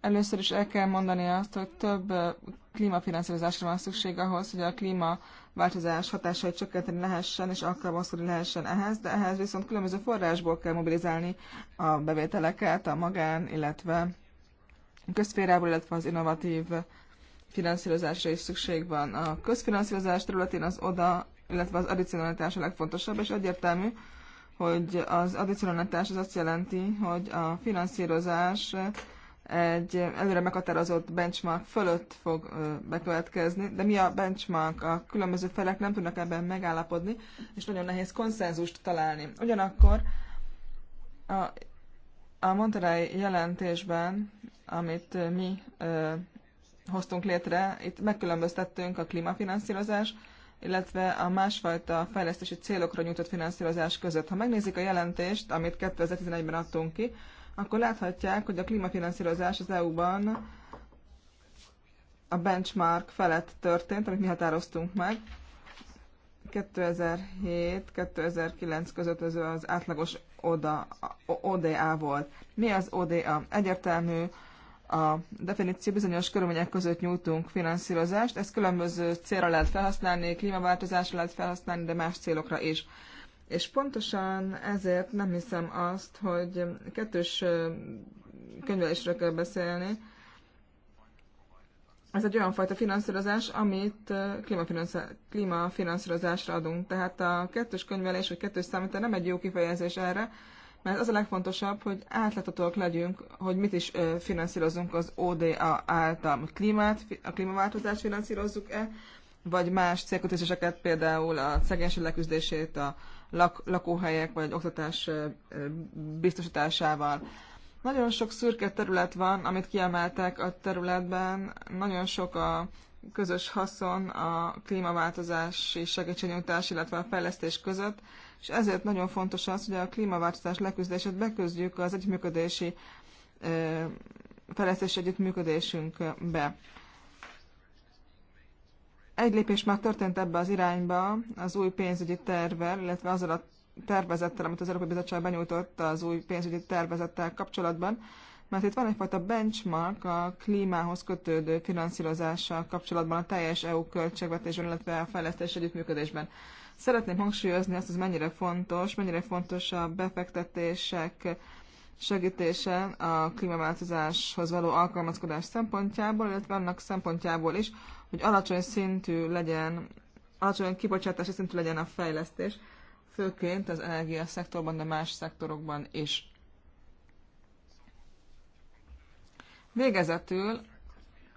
Először is el kell mondani azt, hogy több eh, klímafinanszírozásra van szükség ahhoz, hogy a klímaváltozás hatásait csökkenteni lehessen és alkalmazkodni lehessen ehhez, de ehhez viszont különböző forrásból kell mobilizálni a bevételeket, a magán, illetve a közférából, illetve az innovatív finanszírozásra is szükség van. A közfinanszírozás területén az ODA illetve az addicionalitás a legfontosabb, és egyértelmű, hogy az addicionalitás az azt jelenti, hogy a finanszírozás egy előre meghatározott benchmark fölött fog bekövetkezni, de mi a benchmark? A különböző felek nem tudnak ebben megállapodni, és nagyon nehéz konszenzust találni. Ugyanakkor a, a Monterey jelentésben, amit mi ö, hoztunk létre, itt megkülönböztettünk a klímafinanszírozás illetve a másfajta fejlesztési célokra nyújtott finanszírozás között. Ha megnézik a jelentést, amit 2011-ben adtunk ki, akkor láthatják, hogy a klímafinanszírozás az EU-ban a benchmark felett történt, amit mi határoztunk meg. 2007-2009 között az átlagos ODA, ODA volt. Mi az ODA? Egyértelmű a definíció bizonyos körülmények között nyújtunk finanszírozást. Ezt különböző célra lehet felhasználni, klímaváltozásra lehet felhasználni, de más célokra is. És pontosan ezért nem hiszem azt, hogy kettős könyvelésről kell beszélni. Ez egy olyan fajta finanszírozás, amit klímafinanszírozásra adunk. Tehát a kettős könyvelés vagy kettős számítás nem egy jó kifejezés erre, mert az a legfontosabb, hogy átláthatóak legyünk, hogy mit is finanszírozunk az ODA által. A klímát, a klímaváltozást finanszírozzuk-e, vagy más célkötéseket, például a szegénység leküzdését, a lak- lakóhelyek vagy oktatás biztosításával. Nagyon sok szürke terület van, amit kiemeltek a területben, nagyon sok a közös haszon a klímaváltozási segítségnyújtás, illetve a fejlesztés között, és ezért nagyon fontos az, hogy a klímaváltozás leküzdését beközdjük az együttműködési fejlesztési együttműködésünkbe. Egy lépés már történt ebbe az irányba az új pénzügyi tervvel, illetve azzal a tervezettel, amit az Európai Bizottság benyújtott az új pénzügyi tervezettel kapcsolatban, mert itt van egyfajta benchmark a klímához kötődő finanszírozással kapcsolatban a teljes EU költségvetésben, illetve a fejlesztés együttműködésben. Szeretném hangsúlyozni azt, hogy mennyire fontos, mennyire fontos a befektetések segítése a klímaváltozáshoz való alkalmazkodás szempontjából, illetve annak szempontjából is, hogy alacsony szintű legyen, alacsony kibocsátási szintű legyen a fejlesztés, főként az energia szektorban, de más szektorokban is. Végezetül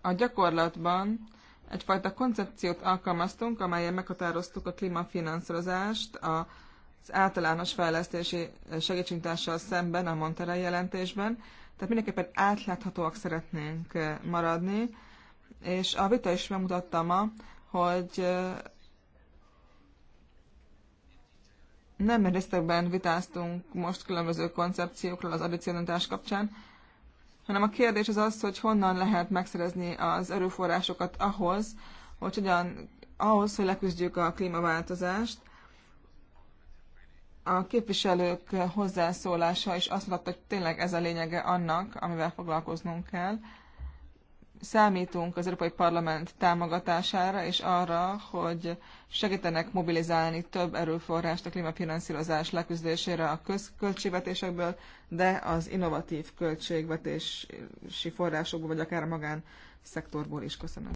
a gyakorlatban egyfajta koncepciót alkalmaztunk, amelyen meghatároztuk a klímafinanszírozást az általános fejlesztési segítségtársal szemben a Monterrey jelentésben. Tehát mindenképpen átláthatóak szeretnénk eh, maradni, és a vita is megmutatta ma, hogy eh, nem részekben vitáztunk most különböző koncepciókról az addicionalitás kapcsán, hanem a kérdés az az, hogy honnan lehet megszerezni az erőforrásokat ahhoz, hogy hogyan, ahhoz, hogy leküzdjük a klímaváltozást. A képviselők hozzászólása is azt mondta, hogy tényleg ez a lényege annak, amivel foglalkoznunk kell. Számítunk az Európai Parlament támogatására és arra, hogy segítenek mobilizálni több erőforrást a klímafinanszírozás leküzdésére a költségvetésekből, de az innovatív költségvetési forrásokból, vagy akár a magán szektorból is. Köszönöm.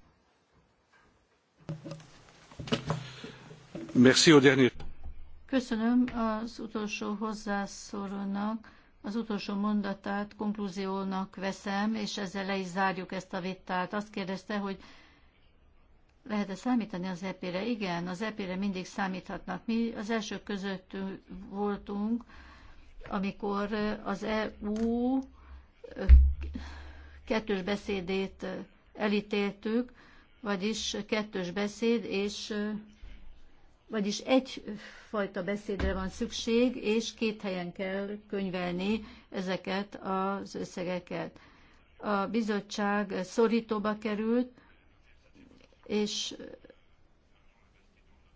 Köszönöm az utolsó hozzászólónak. Az utolsó mondatát konklúziónak veszem, és ezzel le is zárjuk ezt a vitát. Azt kérdezte, hogy lehet-e számítani az EP-re? Igen, az EP-re mindig számíthatnak. Mi az első között voltunk, amikor az EU kettős beszédét elítéltük, vagyis kettős beszéd és vagyis egyfajta beszédre van szükség, és két helyen kell könyvelni ezeket az összegeket. A bizottság szorítóba került, és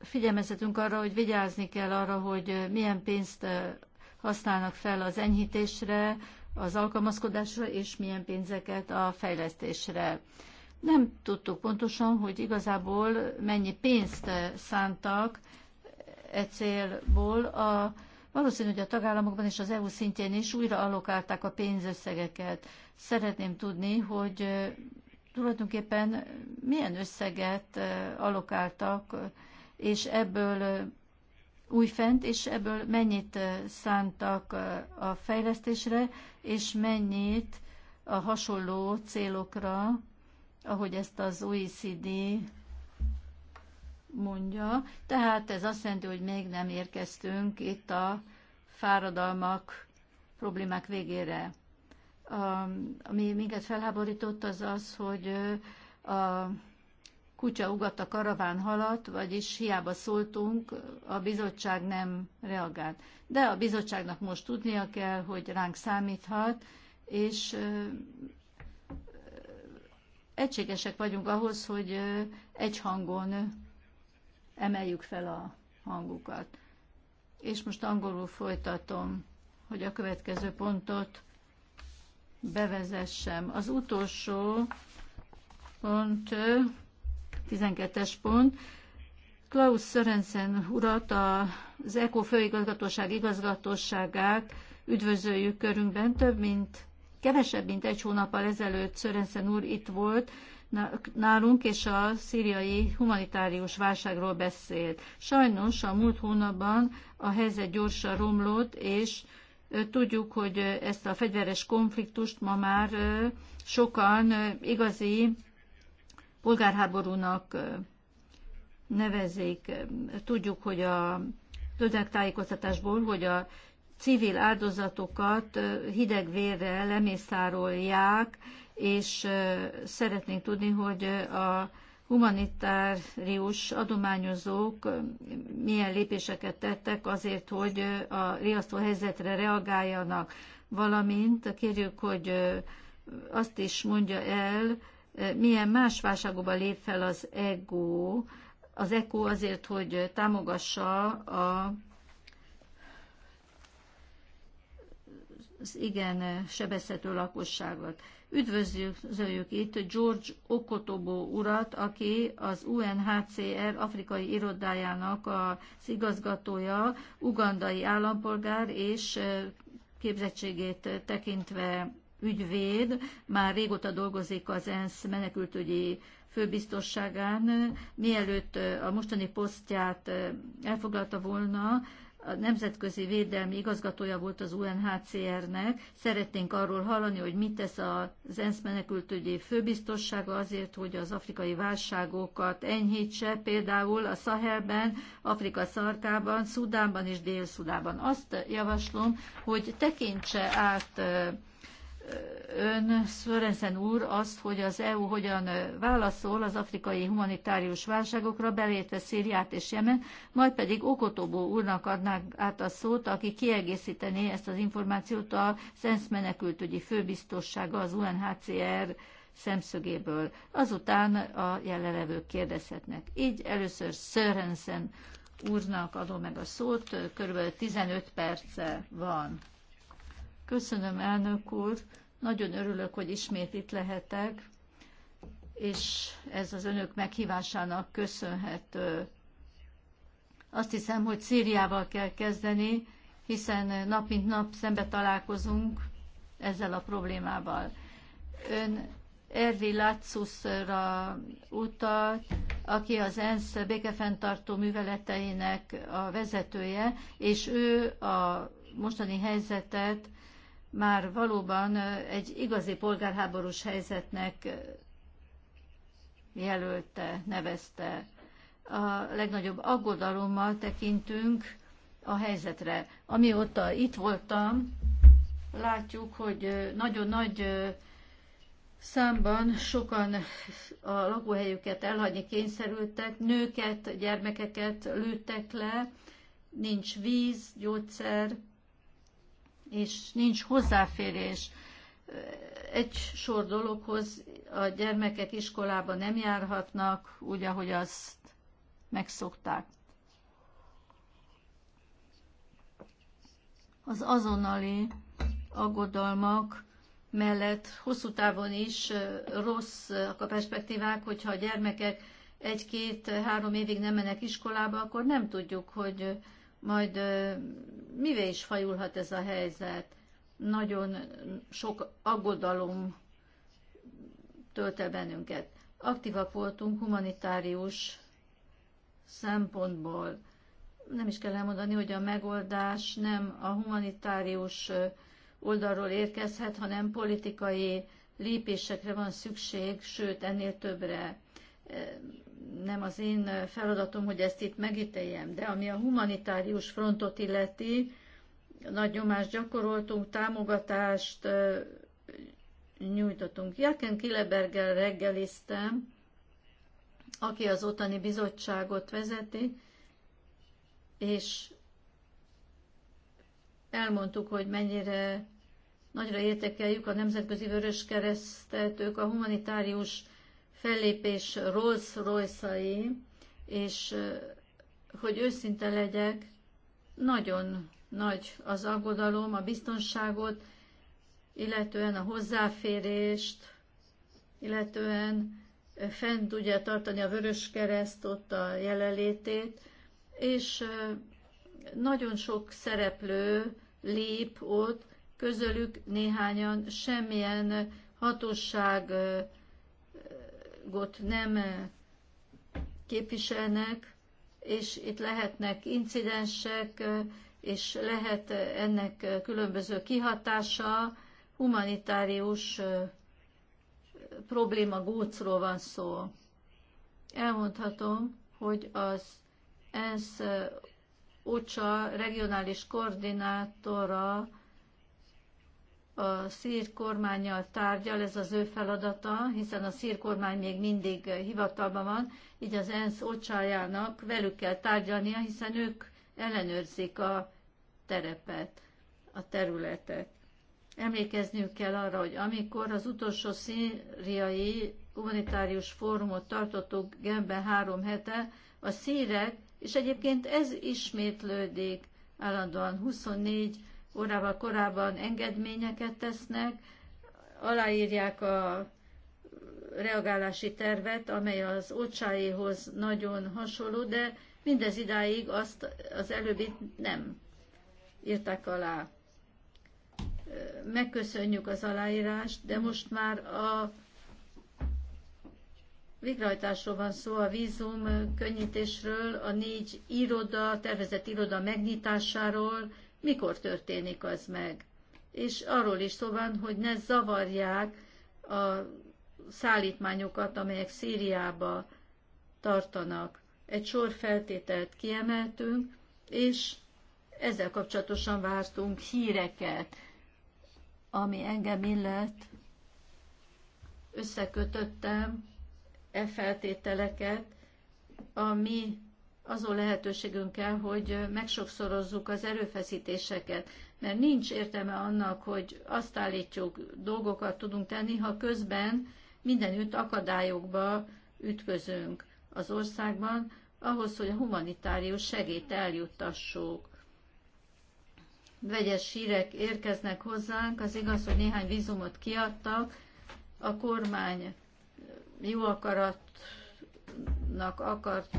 figyelmeztetünk arra, hogy vigyázni kell arra, hogy milyen pénzt használnak fel az enyhítésre, az alkalmazkodásra, és milyen pénzeket a fejlesztésre. Nem tudtuk pontosan, hogy igazából mennyi pénzt szántak e célból. A, valószínű, hogy a tagállamokban és az EU szintjén is újra alokálták a pénzösszegeket. Szeretném tudni, hogy tulajdonképpen milyen összeget allokáltak, és ebből újfent, és ebből mennyit szántak a fejlesztésre, és mennyit a hasonló célokra, ahogy ezt az OECD mondja. Tehát ez azt jelenti, hogy még nem érkeztünk itt a fáradalmak, problémák végére. Ami minket felháborított, az az, hogy a kutya ugat a karaván halat, vagyis hiába szóltunk, a bizottság nem reagált. De a bizottságnak most tudnia kell, hogy ránk számíthat, és egységesek vagyunk ahhoz, hogy egy hangon emeljük fel a hangukat. És most angolul folytatom, hogy a következő pontot bevezessem. Az utolsó pont, 12-es pont, Klaus Sörensen urat, az ECO főigazgatóság igazgatóságát üdvözöljük körünkben. Több mint Kevesebb, mint egy hónappal ezelőtt szörenszen úr itt volt nálunk, és a szíriai humanitárius válságról beszélt. Sajnos a múlt hónapban a helyzet gyorsan romlott, és tudjuk, hogy ezt a fegyveres konfliktust ma már sokan igazi polgárháborúnak nevezik. Tudjuk, hogy a tájékoztatásból, hogy a civil áldozatokat hideg vérre lemészárolják, és szeretnénk tudni, hogy a humanitárius adományozók milyen lépéseket tettek azért, hogy a riasztó helyzetre reagáljanak, valamint kérjük, hogy azt is mondja el, milyen más válságokban lép fel az EGO, az ECO azért, hogy támogassa a az igen sebezhető lakosságot. Üdvözöljük itt George Okotobo urat, aki az UNHCR afrikai irodájának az igazgatója, ugandai állampolgár és képzettségét tekintve ügyvéd, már régóta dolgozik az ENSZ menekültügyi főbiztosságán, mielőtt a mostani posztját elfoglalta volna, a nemzetközi védelmi igazgatója volt az UNHCR-nek. Szeretnénk arról hallani, hogy mit tesz az ENSZ menekültügyi főbiztossága azért, hogy az afrikai válságokat enyhítse, például a Szahelben, Afrika szarkában, Szudánban és Dél-Szudában. Azt javaslom, hogy tekintse át ön, szörenszen úr, azt, hogy az EU hogyan válaszol az afrikai humanitárius válságokra, belétve Szíriát és Jemen, majd pedig Okotobó úrnak adnák át a szót, aki kiegészítené ezt az információt a ENSZ menekültügyi főbiztossága az UNHCR szemszögéből. Azután a jelenlevők kérdezhetnek. Így először szörenszen úrnak adom meg a szót, körülbelül 15 perce van. Köszönöm, elnök úr. Nagyon örülök, hogy ismét itt lehetek, és ez az önök meghívásának köszönhető. Azt hiszem, hogy Szíriával kell kezdeni, hiszen nap mint nap szembe találkozunk ezzel a problémával. Ön Ervi Látszuszra utalt, aki az ENSZ békefenntartó műveleteinek a vezetője, és ő a mostani helyzetet már valóban egy igazi polgárháborús helyzetnek jelölte, nevezte. A legnagyobb aggodalommal tekintünk a helyzetre. Amióta itt voltam, látjuk, hogy nagyon nagy számban sokan a lakóhelyüket elhagyni kényszerültek, nőket, gyermekeket lőttek le, nincs víz, gyógyszer, és nincs hozzáférés egy sor dologhoz, a gyermekek iskolába nem járhatnak, úgy, ahogy azt megszokták. Az azonnali aggodalmak mellett hosszú távon is rossz a perspektívák, hogyha a gyermekek egy-két-három évig nem mennek iskolába, akkor nem tudjuk, hogy majd mivé is fajulhat ez a helyzet? Nagyon sok aggodalom tölt el bennünket. Aktívak voltunk humanitárius szempontból. Nem is kell elmondani, hogy a megoldás nem a humanitárius oldalról érkezhet, hanem politikai lépésekre van szükség, sőt ennél többre nem az én feladatom, hogy ezt itt megíteljem, de ami a humanitárius frontot illeti, nagy nyomást gyakoroltunk, támogatást nyújtottunk. Jaken Kilebergel reggeliztem, aki az otani bizottságot vezeti, és elmondtuk, hogy mennyire nagyra értékeljük a Nemzetközi Vörös Keresztet, ők a humanitárius fellépés rolls royce és hogy őszinte legyek, nagyon nagy az aggodalom, a biztonságot, illetően a hozzáférést, illetően fent tudja tartani a Vörös Kereszt, ott a jelenlétét, és nagyon sok szereplő lép ott, közülük néhányan semmilyen hatóság világot nem eh, képviselnek, és itt lehetnek incidensek, eh, és lehet eh, ennek különböző kihatása, humanitárius probléma gócról van szó. Elmondhatom, hogy az ENSZ OCSA regionális koordinátora a szír kormányjal tárgyal, ez az ő feladata, hiszen a szír kormány még mindig hivatalban van, így az ENSZ ocsájának velük kell tárgyalnia, hiszen ők ellenőrzik a terepet, a területet. Emlékezniük kell arra, hogy amikor az utolsó szíriai humanitárius fórumot tartottuk Genben három hete, a szírek, és egyébként ez ismétlődik állandóan 24 órával korábban engedményeket tesznek, aláírják a reagálási tervet, amely az ocsáéhoz nagyon hasonló, de mindez idáig azt az előbbi nem írták alá. Megköszönjük az aláírást, de most már a végrehajtásról van szó, a vízum könnyítésről, a négy iroda, tervezett iroda megnyitásáról, mikor történik az meg. És arról is szó van, hogy ne zavarják a szállítmányokat, amelyek Szíriába tartanak. Egy sor feltételt kiemeltünk, és ezzel kapcsolatosan vártunk híreket, ami engem illet. Összekötöttem e feltételeket a mi azon lehetőségünk kell, hogy megsokszorozzuk az erőfeszítéseket, mert nincs értelme annak, hogy azt állítjuk, dolgokat tudunk tenni, ha közben mindenütt akadályokba ütközünk az országban, ahhoz, hogy a humanitárius segét eljuttassuk. Vegyes sírek érkeznek hozzánk, az igaz, hogy néhány vízumot kiadtak, a kormány jó akaratnak akart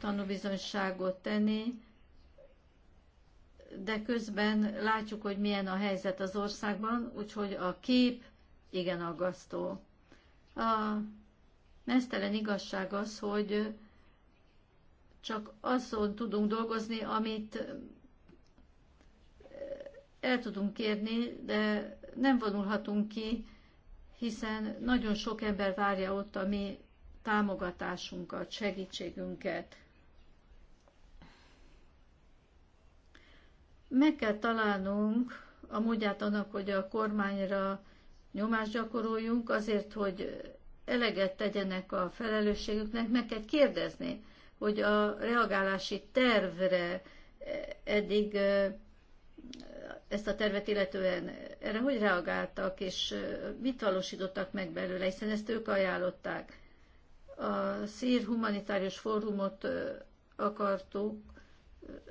tanúbizonyságot tenni, de közben látjuk, hogy milyen a helyzet az országban, úgyhogy a kép igen aggasztó. A mesztelen igazság az, hogy csak azon tudunk dolgozni, amit el tudunk kérni, de nem vonulhatunk ki, hiszen nagyon sok ember várja ott a mi támogatásunkat, segítségünket. Meg kell találnunk a módját annak, hogy a kormányra nyomást gyakoroljunk, azért, hogy eleget tegyenek a felelősségüknek, meg kell kérdezni, hogy a reagálási tervre eh, eddig eh, ezt a tervet illetően erre hogy reagáltak, és eh, mit valósítottak meg belőle, hiszen ezt ők ajánlották a Szír Humanitárius Fórumot akartuk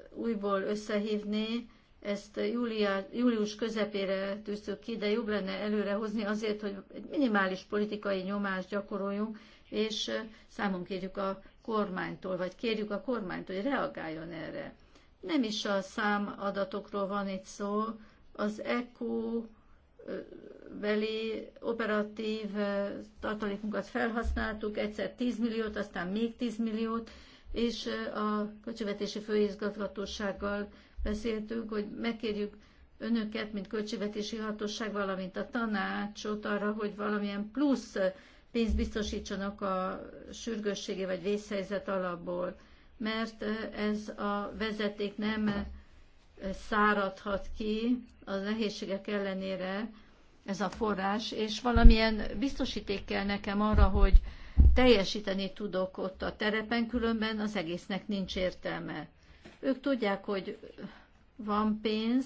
újból összehívni, ezt júliá, július közepére tűztük ki, de jobb lenne előrehozni azért, hogy egy minimális politikai nyomást gyakoroljunk, és számon kérjük a kormánytól, vagy kérjük a kormányt, hogy reagáljon erre. Nem is a számadatokról van itt szó, az ECO beli operatív tartalékunkat felhasználtuk, egyszer 10 milliót, aztán még 10 milliót, és a költségvetési főigazgatósággal beszéltünk, hogy megkérjük önöket, mint költségvetési hatóság, valamint a tanácsot arra, hogy valamilyen plusz pénzt biztosítsanak a sürgősségi vagy vészhelyzet alapból, mert ez a vezeték nem száradhat ki a nehézségek ellenére ez a forrás, és valamilyen biztosíték kell nekem arra, hogy teljesíteni tudok ott a terepen, különben az egésznek nincs értelme. Ők tudják, hogy van pénz,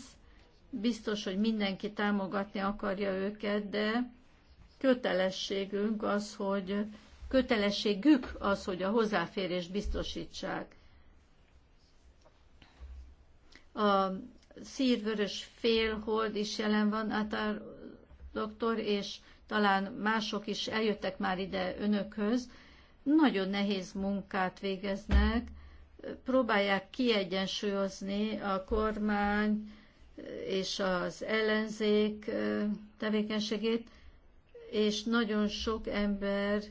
biztos, hogy mindenki támogatni akarja őket, de kötelességünk az, hogy kötelességük az, hogy a hozzáférést biztosítsák. A szírvörös félhold is jelen van, a doktor, és talán mások is eljöttek már ide önökhöz. Nagyon nehéz munkát végeznek, próbálják kiegyensúlyozni a kormány és az ellenzék tevékenységét, és nagyon sok ember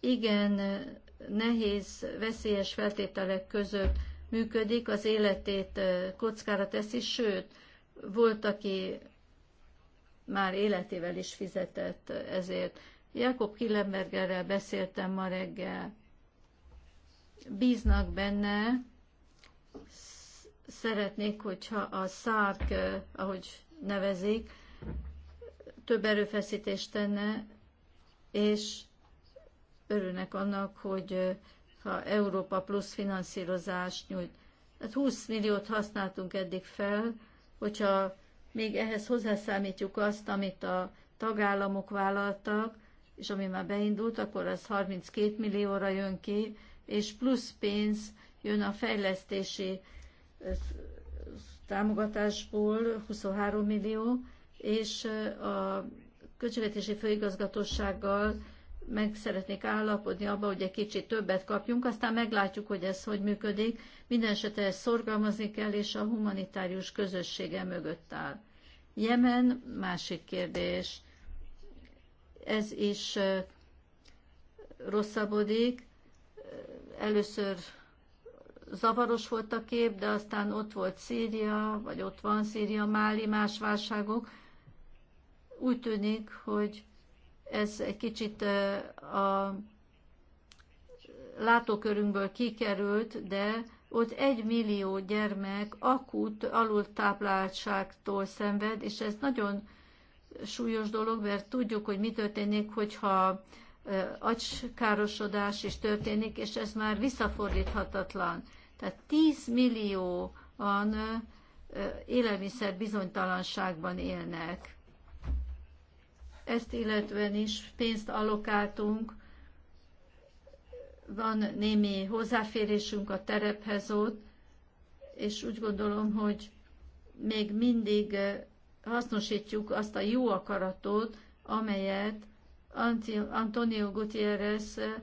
igen nehéz, veszélyes feltételek között működik, az életét kockára teszi, sőt, volt, aki már életével is fizetett ezért. Jakob Killenbergerrel beszéltem ma reggel. Bíznak benne, szeretnék, hogyha a szárk, ahogy nevezik, több erőfeszítést tenne, és örülnek annak, hogy ha Európa plusz finanszírozást nyújt. Hát 20 milliót használtunk eddig fel, hogyha még ehhez hozzászámítjuk azt, amit a tagállamok vállaltak, és ami már beindult, akkor az 32 millióra jön ki, és plusz pénz jön a fejlesztési támogatásból 23 millió, és a költségvetési főigazgatósággal meg szeretnék állapodni abba, hogy egy kicsit többet kapjunk, aztán meglátjuk, hogy ez hogy működik. Minden esetre ezt szorgalmazni kell, és a humanitárius közössége mögött áll. Jemen, másik kérdés. Ez is rosszabbodik. Először zavaros volt a kép, de aztán ott volt Szíria, vagy ott van Szíria, Máli, más válságok. Úgy tűnik, hogy ez egy kicsit a látókörünkből kikerült, de ott egy millió gyermek akut alultápláltságtól szenved, és ez nagyon súlyos dolog, mert tudjuk, hogy mi történik, hogyha agykárosodás is történik, és ez már visszafordíthatatlan. Tehát 10 millióan élelmiszer bizonytalanságban élnek ezt illetően is pénzt allokáltunk, van némi hozzáférésünk a terephez ott, és úgy gondolom, hogy még mindig eh, hasznosítjuk azt a jó akaratot, amelyet Antonio Gutierrez eh,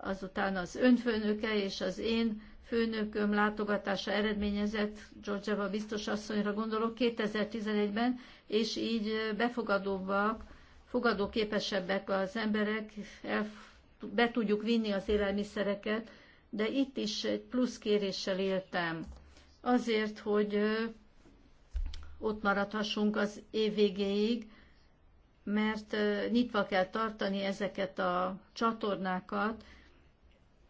azután az önfőnöke és az én főnököm látogatása eredményezett, Georgeva biztos asszonyra gondolok, 2011-ben, és így eh, befogadóbbak fogadóképesebbek az emberek, el, be tudjuk vinni az élelmiszereket, de itt is egy plusz kéréssel éltem. Azért, hogy ott maradhassunk az év végéig, mert nyitva kell tartani ezeket a csatornákat,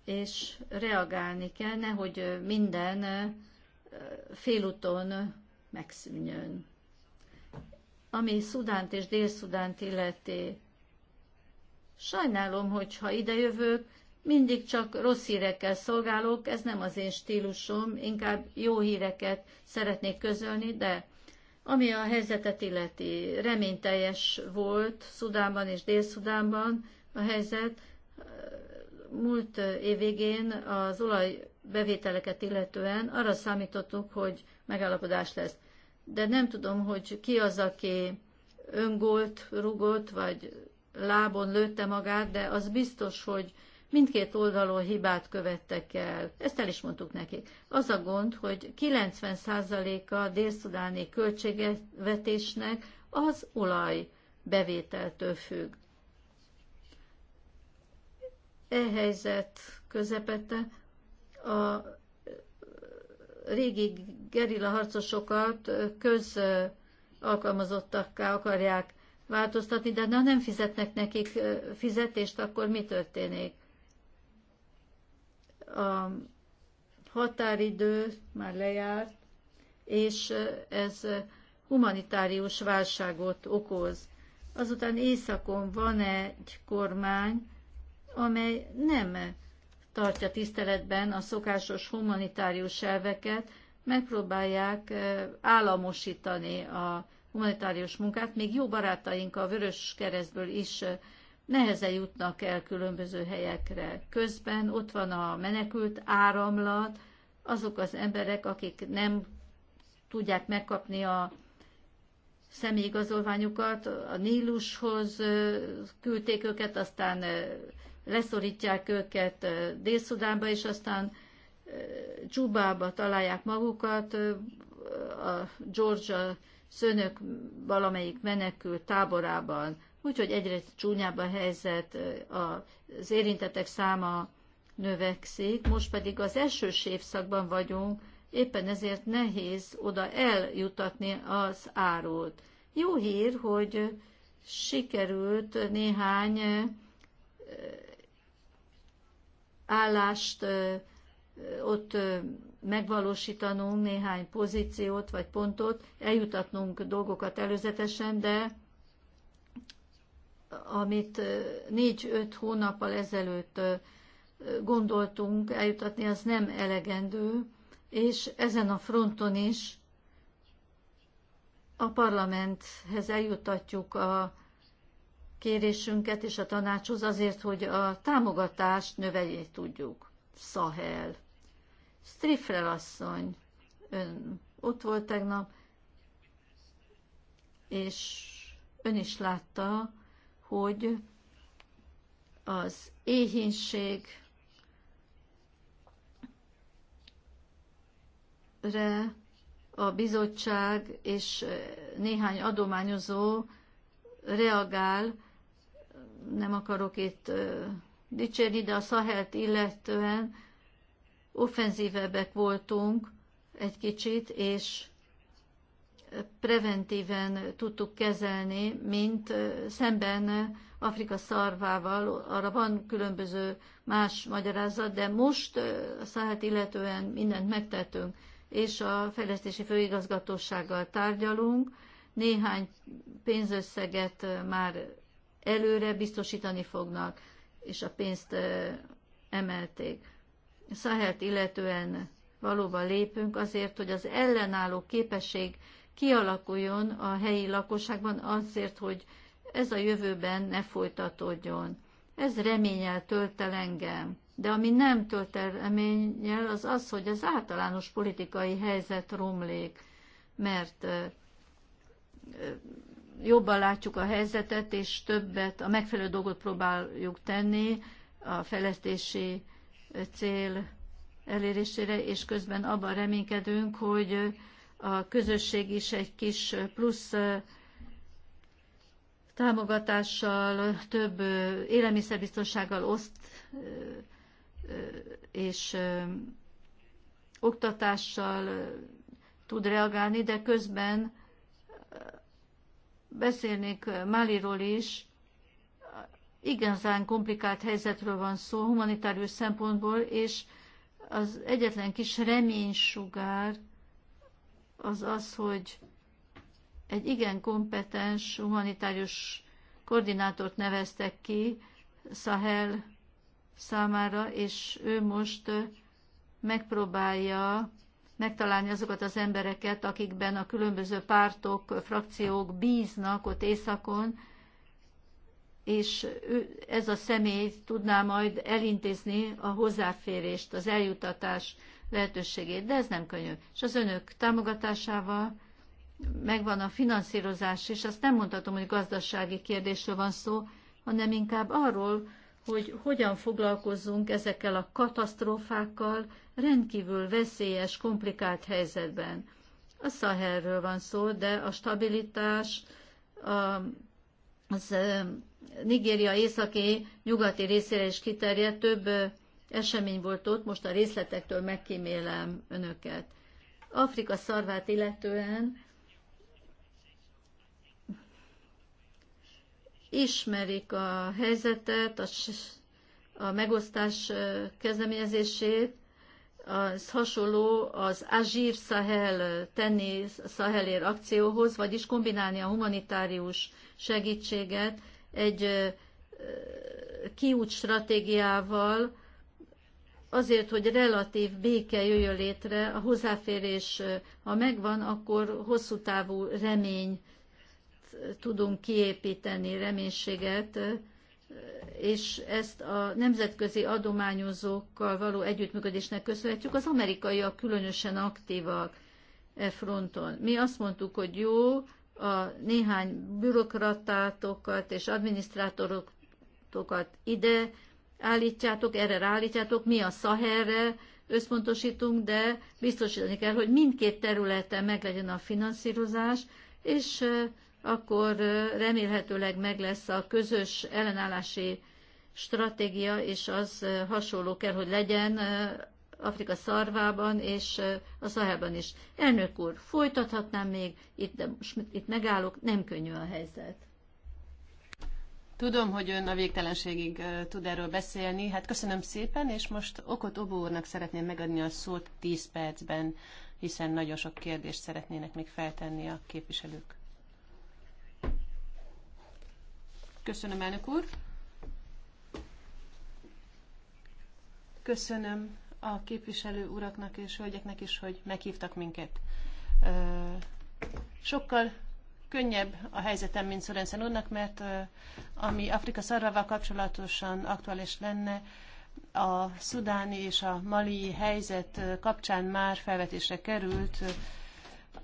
és reagálni kell, nehogy minden félúton megszűnjön ami Szudánt és Dél-Szudánt illeti. Sajnálom, hogy ha idejövök, mindig csak rossz hírekkel szolgálok, ez nem az én stílusom, inkább jó híreket szeretnék közölni, de ami a helyzetet illeti, reményteljes volt Szudánban és Dél-Szudánban a helyzet. Múlt év végén az olajbevételeket illetően arra számítottuk, hogy megállapodás lesz de nem tudom, hogy ki az, aki öngolt, rugott, vagy lábon lőtte magát, de az biztos, hogy mindkét oldalon hibát követtek el. Ezt el is mondtuk nekik. Az a gond, hogy 90%-a délszudáni költségvetésnek az olaj bevételtől függ. E helyzet közepette a régi gerilla harcosokat köz alkalmazottakká akarják változtatni, de ha nem fizetnek nekik fizetést, akkor mi történik? A határidő már lejárt, és ez humanitárius válságot okoz. Azután északon van egy kormány, amely nem tartja tiszteletben a szokásos humanitárius elveket, megpróbálják államosítani a humanitárius munkát, még jó barátaink a Vörös Keresztből is nehezen jutnak el különböző helyekre. Közben ott van a menekült áramlat, azok az emberek, akik nem tudják megkapni a személyigazolványukat, a Nílushoz küldték őket, aztán leszorítják őket Dél-Szudánba, és aztán Csubába találják magukat, a Georgia szönök valamelyik menekül táborában, úgyhogy egyre csúnyább a helyzet, az érintetek száma növekszik, most pedig az esős évszakban vagyunk, éppen ezért nehéz oda eljutatni az árut. Jó hír, hogy sikerült néhány állást ott megvalósítanunk néhány pozíciót vagy pontot, eljutatnunk dolgokat előzetesen, de amit négy-öt hónappal ezelőtt gondoltunk eljutatni, az nem elegendő, és ezen a fronton is a parlamenthez eljutatjuk a kérésünket és a tanácshoz azért, hogy a támogatást növeljé tudjuk. Szahel. Strifrel asszony, ön ott volt tegnap, és ön is látta, hogy az éhénységre a bizottság és néhány adományozó reagál, nem akarok itt dicsérni, de a Szahelt illetően offenzívebbek voltunk egy kicsit, és preventíven tudtuk kezelni, mint szemben Afrika szarvával, arra van különböző más magyarázat, de most a Szahelt illetően mindent megtettünk, és a fejlesztési főigazgatósággal tárgyalunk, néhány pénzösszeget már előre biztosítani fognak, és a pénzt emelték. Szahelt illetően valóban lépünk azért, hogy az ellenálló képesség kialakuljon a helyi lakosságban azért, hogy ez a jövőben ne folytatódjon. Ez reményel tölt el engem. De ami nem tölt el reményel, az az, hogy az általános politikai helyzet romlék, mert jobban látjuk a helyzetet, és többet, a megfelelő dolgot próbáljuk tenni a fejlesztési cél elérésére, és közben abban reménykedünk, hogy a közösség is egy kis plusz támogatással, több élelmiszerbiztonsággal oszt és oktatással tud reagálni, de közben beszélnék Máliról is, igazán komplikált helyzetről van szó humanitárius szempontból, és az egyetlen kis reménysugár az az, hogy egy igen kompetens humanitárius koordinátort neveztek ki Sahel számára, és ő most megpróbálja megtalálni azokat az embereket, akikben a különböző pártok, frakciók bíznak ott északon, és ez a személy tudná majd elintézni a hozzáférést, az eljutatás lehetőségét, de ez nem könnyű. És az önök támogatásával megvan a finanszírozás is, azt nem mondhatom, hogy gazdasági kérdésről van szó, hanem inkább arról, hogy hogyan foglalkozzunk ezekkel a katasztrófákkal rendkívül veszélyes, komplikált helyzetben. A Szahelről van szó, de a stabilitás a, az Nigéria északi nyugati részére is kiterjedt, több esemény volt ott, most a részletektől megkímélem önöket. Afrika szarvát illetően ismerik a helyzetet, a, a megosztás kezdeményezését, az hasonló az Azsír Sahel tenni Sahelér akcióhoz, vagyis kombinálni a humanitárius segítséget egy kiút stratégiával, azért, hogy relatív béke jöjjön létre, a hozzáférés, ha megvan, akkor hosszú távú remény tudunk kiépíteni reménységet, és ezt a nemzetközi adományozókkal való együttműködésnek köszönhetjük. Az amerikaiak különösen aktívak e fronton. Mi azt mondtuk, hogy jó, a néhány bürokratátokat és adminisztrátorokat ide állítjátok, erre ráállítjátok, mi a Szaherre összpontosítunk, de biztosítani kell, hogy mindkét területen meglegyen a finanszírozás, és akkor remélhetőleg meg lesz a közös ellenállási stratégia, és az hasonló kell, hogy legyen Afrika szarvában és a Szahelban is. Elnök úr, folytathatnám még, itt, de most itt megállok, nem könnyű a helyzet. Tudom, hogy ön a végtelenségig tud erről beszélni. Hát köszönöm szépen, és most Okot Obó úrnak szeretném megadni a szót 10 percben, hiszen nagyon sok kérdést szeretnének még feltenni a képviselők. Köszönöm, elnök úr. Köszönöm a képviselő uraknak és hölgyeknek is, hogy meghívtak minket. Sokkal könnyebb a helyzetem, mint Szörenszen úrnak, mert ami Afrika szarvával kapcsolatosan aktuális lenne, a szudáni és a mali helyzet kapcsán már felvetésre került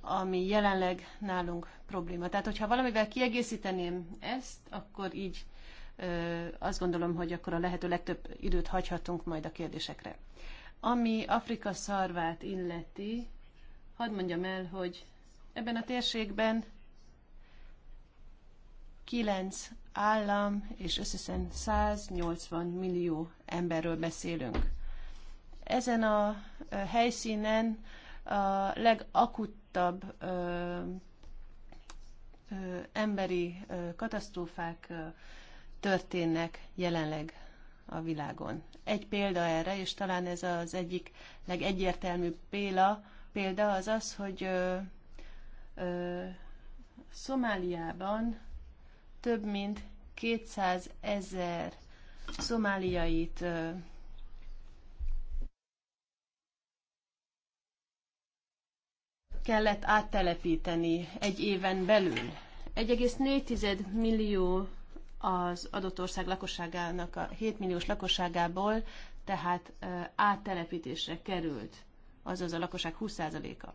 ami jelenleg nálunk probléma. Tehát, hogyha valamivel kiegészíteném ezt, akkor így ö, azt gondolom, hogy akkor a lehető legtöbb időt hagyhatunk majd a kérdésekre. Ami Afrika szarvát illeti, hadd mondjam el, hogy ebben a térségben kilenc állam és összesen 180 millió emberről beszélünk. Ezen a helyszínen a legakut nyitottabb ö, ö, emberi ö, katasztrófák ö, történnek jelenleg a világon. Egy példa erre, és talán ez az egyik legegyértelműbb példa, példa az az, hogy ö, ö, Szomáliában több mint 200 ezer szomáliait kellett áttelepíteni egy éven belül. 1,4 millió az adott ország lakosságának a 7 milliós lakosságából, tehát áttelepítésre került, azaz a lakosság 20%-a.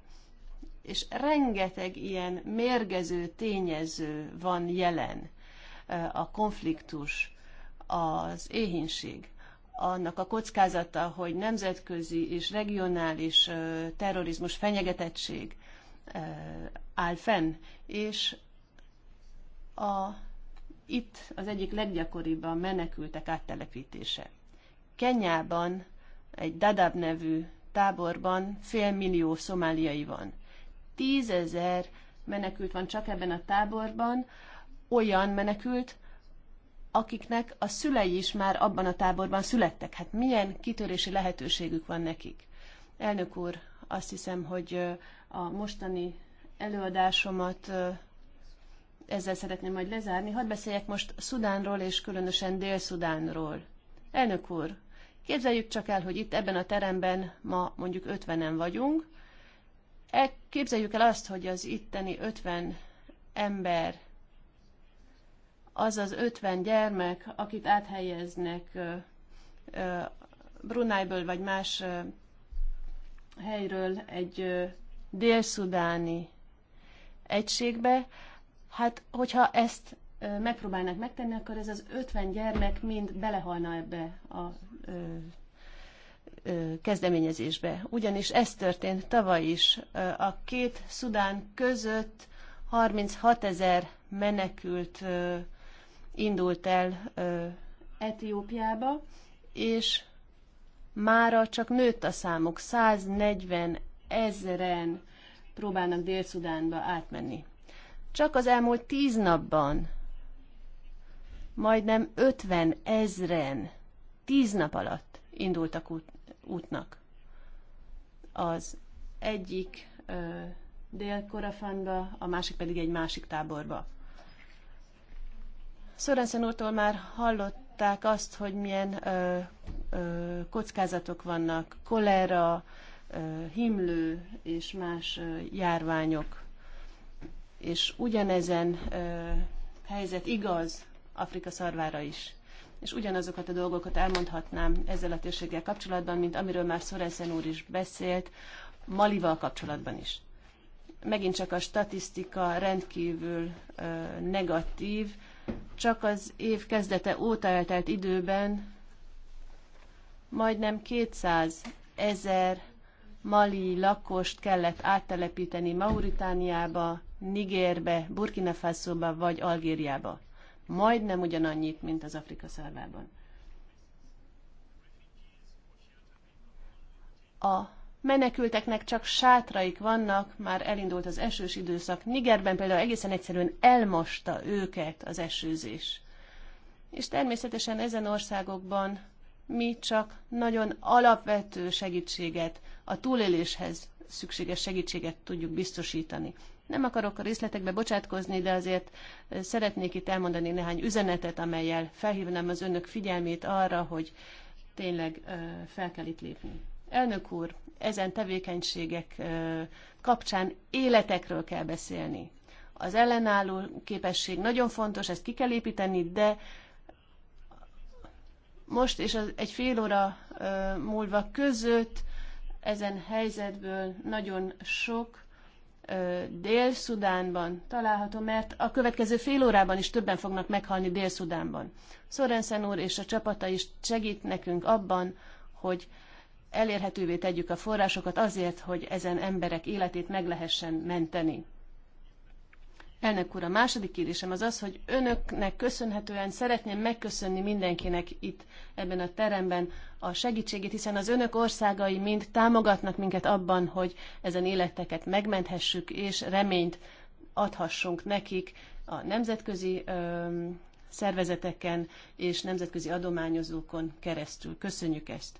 És rengeteg ilyen mérgező tényező van jelen. A konfliktus, az éhínség, annak a kockázata, hogy nemzetközi és regionális terrorizmus fenyegetettség áll fenn, és a, itt az egyik leggyakoribb a menekültek áttelepítése. Kenyában egy Dadab nevű táborban félmillió szomáliai van. Tízezer menekült van csak ebben a táborban, olyan menekült, akiknek a szülei is már abban a táborban születtek. Hát milyen kitörési lehetőségük van nekik? Elnök úr, azt hiszem, hogy a mostani előadásomat ezzel szeretném majd lezárni. Hadd beszéljek most Szudánról és különösen Dél-Szudánról. Elnök úr, képzeljük csak el, hogy itt ebben a teremben ma mondjuk 50-en vagyunk. E, képzeljük el azt, hogy az itteni 50 ember az az 50 gyermek, akit áthelyeznek Brunájből vagy más helyről egy délszudáni egységbe, hát hogyha ezt megpróbálnak megtenni, akkor ez az 50 gyermek mind belehalna ebbe a kezdeményezésbe. Ugyanis ez történt tavaly is. A két Szudán között 36 ezer menekült indult el Etiópiába, és mára csak nőtt a számuk, 140 ezeren próbálnak Dél-Szudánba átmenni. Csak az elmúlt tíz napban majdnem 50 ezeren tíz nap alatt indultak út, útnak. Az egyik ö, dél a másik pedig egy másik táborba. Szörenszen úrtól már hallották azt, hogy milyen ö, ö, kockázatok vannak, kolera, ö, himlő és más ö, járványok. És ugyanezen ö, helyzet igaz Afrika szarvára is. És ugyanazokat a dolgokat elmondhatnám ezzel a térséggel kapcsolatban, mint amiről már Szörenszen úr is beszélt, Malival kapcsolatban is megint csak a statisztika rendkívül ö, negatív, csak az év kezdete óta eltelt időben majdnem 200 ezer mali lakost kellett áttelepíteni Mauritániába, Nigérbe, Burkina Fasoba vagy Algériába. Majdnem ugyanannyit, mint az Afrika szarvában. A menekülteknek csak sátraik vannak, már elindult az esős időszak. Nigerben például egészen egyszerűen elmosta őket az esőzés. És természetesen ezen országokban mi csak nagyon alapvető segítséget, a túléléshez szükséges segítséget tudjuk biztosítani. Nem akarok a részletekbe bocsátkozni, de azért eh, szeretnék itt elmondani néhány üzenetet, amelyel felhívnám az önök figyelmét arra, hogy tényleg eh, fel kell itt lépni. Elnök úr, ezen tevékenységek kapcsán életekről kell beszélni. Az ellenálló képesség nagyon fontos, ezt ki kell építeni, de most és az egy fél óra múlva között ezen helyzetből nagyon sok Dél-Szudánban található, mert a következő fél órában is többen fognak meghalni Dél-Szudánban. Sorensen úr és a csapata is segít nekünk abban, hogy elérhetővé tegyük a forrásokat azért, hogy ezen emberek életét meg lehessen menteni. Elnök úr, a második kérdésem az az, hogy önöknek köszönhetően szeretném megköszönni mindenkinek itt ebben a teremben a segítségét, hiszen az önök országai mind támogatnak minket abban, hogy ezen életeket megmenthessük, és reményt adhassunk nekik a nemzetközi ö, szervezeteken és nemzetközi adományozókon keresztül. Köszönjük ezt!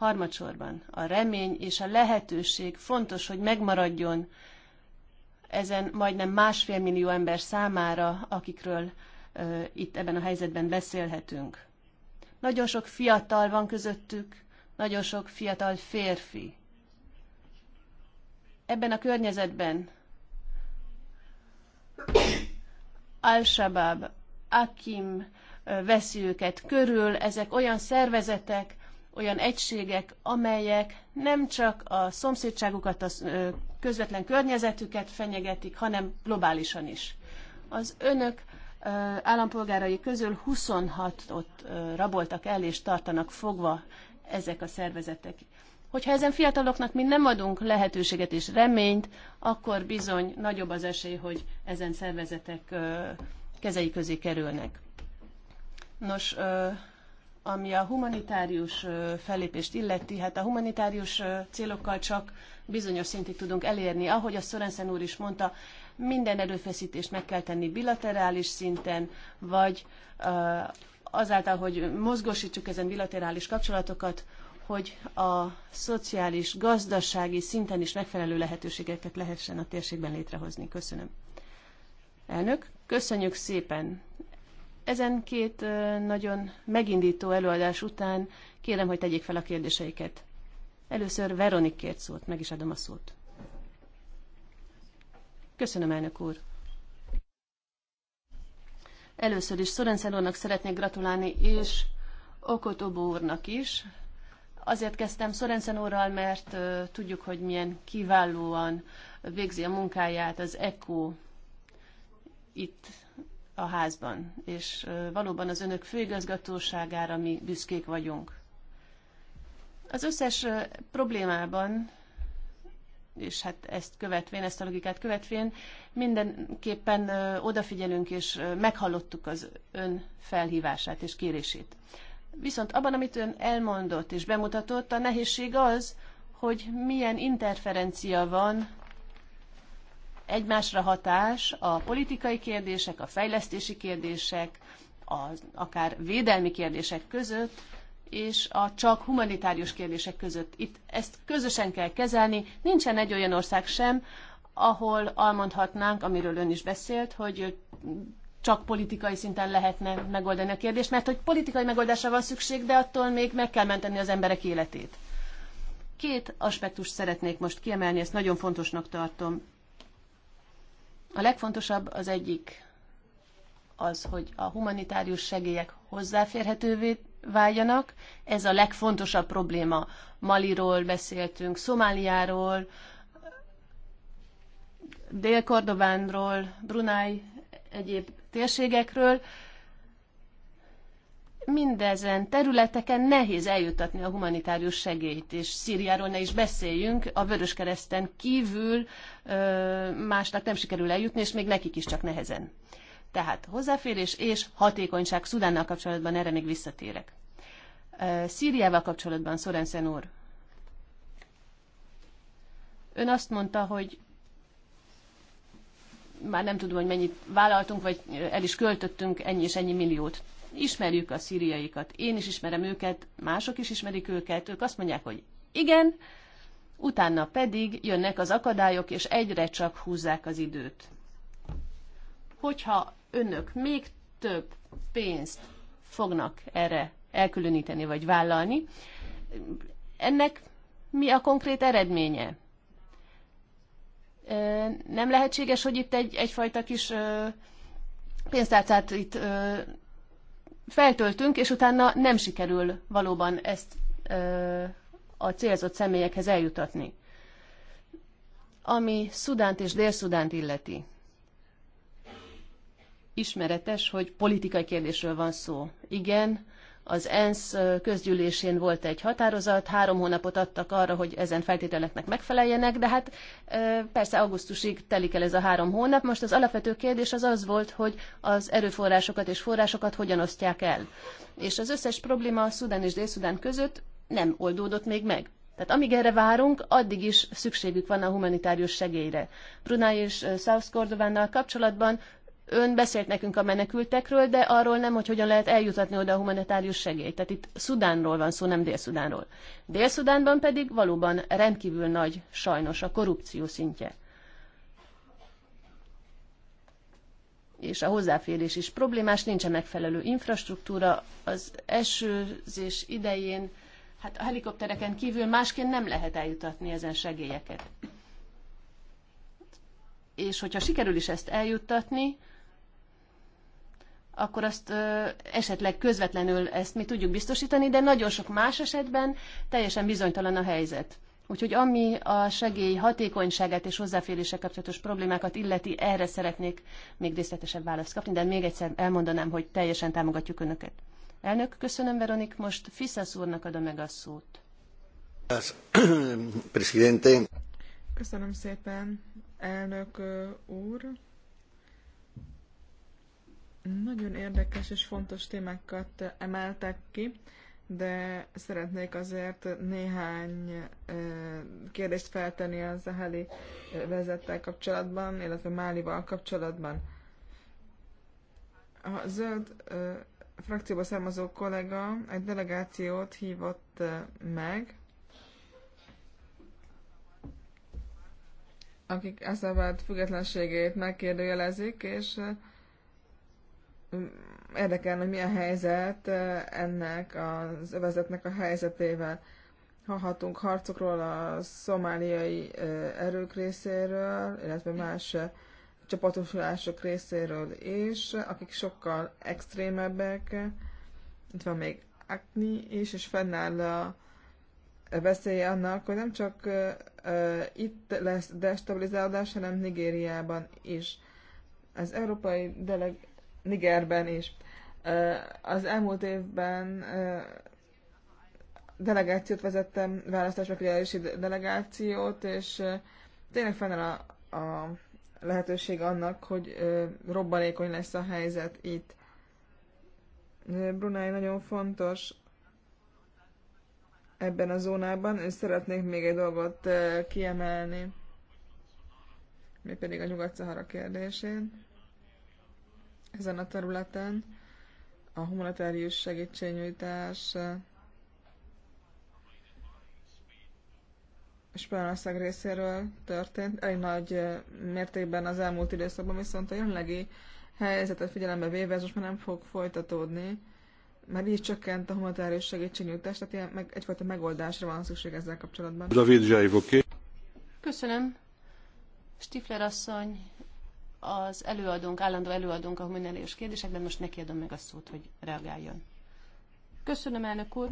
Harmadsorban a remény és a lehetőség fontos, hogy megmaradjon ezen majdnem másfél millió ember számára, akikről ö, itt ebben a helyzetben beszélhetünk. Nagyon sok fiatal van közöttük, nagyon sok fiatal férfi. Ebben a környezetben Al-Shabaab, Akim veszi őket körül, ezek olyan szervezetek, olyan egységek, amelyek nem csak a szomszédságukat, a közvetlen környezetüket fenyegetik, hanem globálisan is. Az önök állampolgárai közül 26-ot raboltak el és tartanak fogva ezek a szervezetek. Hogyha ezen fiataloknak mi nem adunk lehetőséget és reményt, akkor bizony nagyobb az esély, hogy ezen szervezetek kezei közé kerülnek. Nos, ami a humanitárius fellépést illeti, hát a humanitárius célokkal csak bizonyos szintig tudunk elérni. Ahogy a Szorenszen úr is mondta, minden erőfeszítést meg kell tenni bilaterális szinten, vagy azáltal, hogy mozgósítsuk ezen bilaterális kapcsolatokat, hogy a szociális, gazdasági szinten is megfelelő lehetőségeket lehessen a térségben létrehozni. Köszönöm. Elnök, köszönjük szépen ezen két nagyon megindító előadás után kérem, hogy tegyék fel a kérdéseiket. Először Veronik kért szót, meg is adom a szót. Köszönöm, elnök úr. Először is Szorenszen úrnak szeretnék gratulálni, és Okotobó úrnak is. Azért kezdtem Szorenszen úrral, mert uh, tudjuk, hogy milyen kiválóan végzi a munkáját az ECO itt a házban, és valóban az önök főigazgatóságára mi büszkék vagyunk. Az összes problémában, és hát ezt követvén, ezt a logikát követvén, mindenképpen odafigyelünk, és meghallottuk az ön felhívását és kérését. Viszont abban, amit ön elmondott és bemutatott, a nehézség az, hogy milyen interferencia van egymásra hatás a politikai kérdések, a fejlesztési kérdések, az akár védelmi kérdések között, és a csak humanitárius kérdések között. Itt ezt közösen kell kezelni. Nincsen egy olyan ország sem, ahol almondhatnánk, amiről ön is beszélt, hogy csak politikai szinten lehetne megoldani a kérdést, mert hogy politikai megoldásra van szükség, de attól még meg kell menteni az emberek életét. Két aspektust szeretnék most kiemelni, ezt nagyon fontosnak tartom. A legfontosabb az egyik az, hogy a humanitárius segélyek hozzáférhetővé váljanak. Ez a legfontosabb probléma. Maliról beszéltünk, Szomáliáról, Dél-Kordobánról, Brunei egyéb térségekről mindezen területeken nehéz eljutatni a humanitárius segélyt, és Szíriáról ne is beszéljünk, a Vöröskereszten kívül másnak nem sikerül eljutni, és még nekik is csak nehezen. Tehát hozzáférés és hatékonyság Szudánnal kapcsolatban erre még visszatérek. Szíriával kapcsolatban, Szorenszen úr, ön azt mondta, hogy már nem tudom, hogy mennyit vállaltunk, vagy el is költöttünk ennyi és ennyi milliót. Ismerjük a szíriaikat, én is ismerem őket, mások is ismerik őket, ők azt mondják, hogy igen, utána pedig jönnek az akadályok, és egyre csak húzzák az időt. Hogyha önök még több pénzt fognak erre elkülöníteni vagy vállalni, ennek mi a konkrét eredménye? Nem lehetséges, hogy itt egy, egyfajta kis pénztárcát itt feltöltünk, és utána nem sikerül valóban ezt a célzott személyekhez eljutatni. Ami Szudánt és Dél-Szudánt illeti, ismeretes, hogy politikai kérdésről van szó. Igen, az ENSZ közgyűlésén volt egy határozat, három hónapot adtak arra, hogy ezen feltételeknek megfeleljenek, de hát persze augusztusig telik el ez a három hónap. Most az alapvető kérdés az az volt, hogy az erőforrásokat és forrásokat hogyan osztják el. És az összes probléma a Szudán és Dél-Szudán között nem oldódott még meg. Tehát amíg erre várunk, addig is szükségük van a humanitárius segélyre. Brunei és South Cordovánnal kapcsolatban Ön beszélt nekünk a menekültekről, de arról nem, hogy hogyan lehet eljutatni oda a humanitárius segélyt. Tehát itt Szudánról van szó, nem Dél-Szudánról. Dél-Szudánban pedig valóban rendkívül nagy, sajnos, a korrupció szintje. és a hozzáférés is problémás, nincsen megfelelő infrastruktúra. Az esőzés idején, hát a helikoptereken kívül másként nem lehet eljutatni ezen segélyeket. És hogyha sikerül is ezt eljuttatni, akkor azt ö, esetleg közvetlenül ezt mi tudjuk biztosítani, de nagyon sok más esetben teljesen bizonytalan a helyzet. Úgyhogy ami a segély hatékonyságát és hozzáférések kapcsolatos problémákat illeti, erre szeretnék még részletesebb választ kapni, de még egyszer elmondanám, hogy teljesen támogatjuk Önöket. Elnök, köszönöm, Veronik, most Fiszasz úrnak adom meg a szót. (coughs) Köszönöm szépen, elnök úr. Nagyon érdekes és fontos témákat emeltek ki, de szeretnék azért néhány kérdést feltenni a Zaheli vezettel kapcsolatban, illetve Málival kapcsolatban. A zöld frakcióba származó kollega egy delegációt hívott meg, akik vált függetlenségét megkérdőjelezik, és Mm, érdekelne, hogy mi a helyzet ennek az övezetnek a helyzetével. Hallhatunk harcokról a szomáliai erők részéről, illetve más csapatosulások részéről is, akik sokkal extrémebbek. Itt van még Akni is, és fennáll a veszélye annak, hogy nem csak itt lesz destabilizálódás, hanem Nigériában is. Az európai deleg Nigerben is. Az elmúlt évben delegációt vezettem, választásmegfigyelési delegációt, és tényleg fennáll a, a lehetőség annak, hogy robbanékony lesz a helyzet itt. Brunei nagyon fontos ebben a zónában, és szeretnék még egy dolgot kiemelni, mi pedig a Nyugat-Szahara kérdésén ezen a területen. A humanitárius segítségnyújtás Spanyolország részéről történt, elég nagy mértékben az elmúlt időszakban, viszont a jelenlegi helyzetet figyelembe véve ez most már nem fog folytatódni, mert így csökkent a humanitárius segítségnyújtás, tehát ilyen, meg, egyfajta megoldásra van szükség ezzel kapcsolatban. David Zsájvoké. Köszönöm. Stifler asszony az előadónk, állandó előadónk a humanitárius kérdésekben, most neki adom meg a szót, hogy reagáljon. Köszönöm, elnök úr!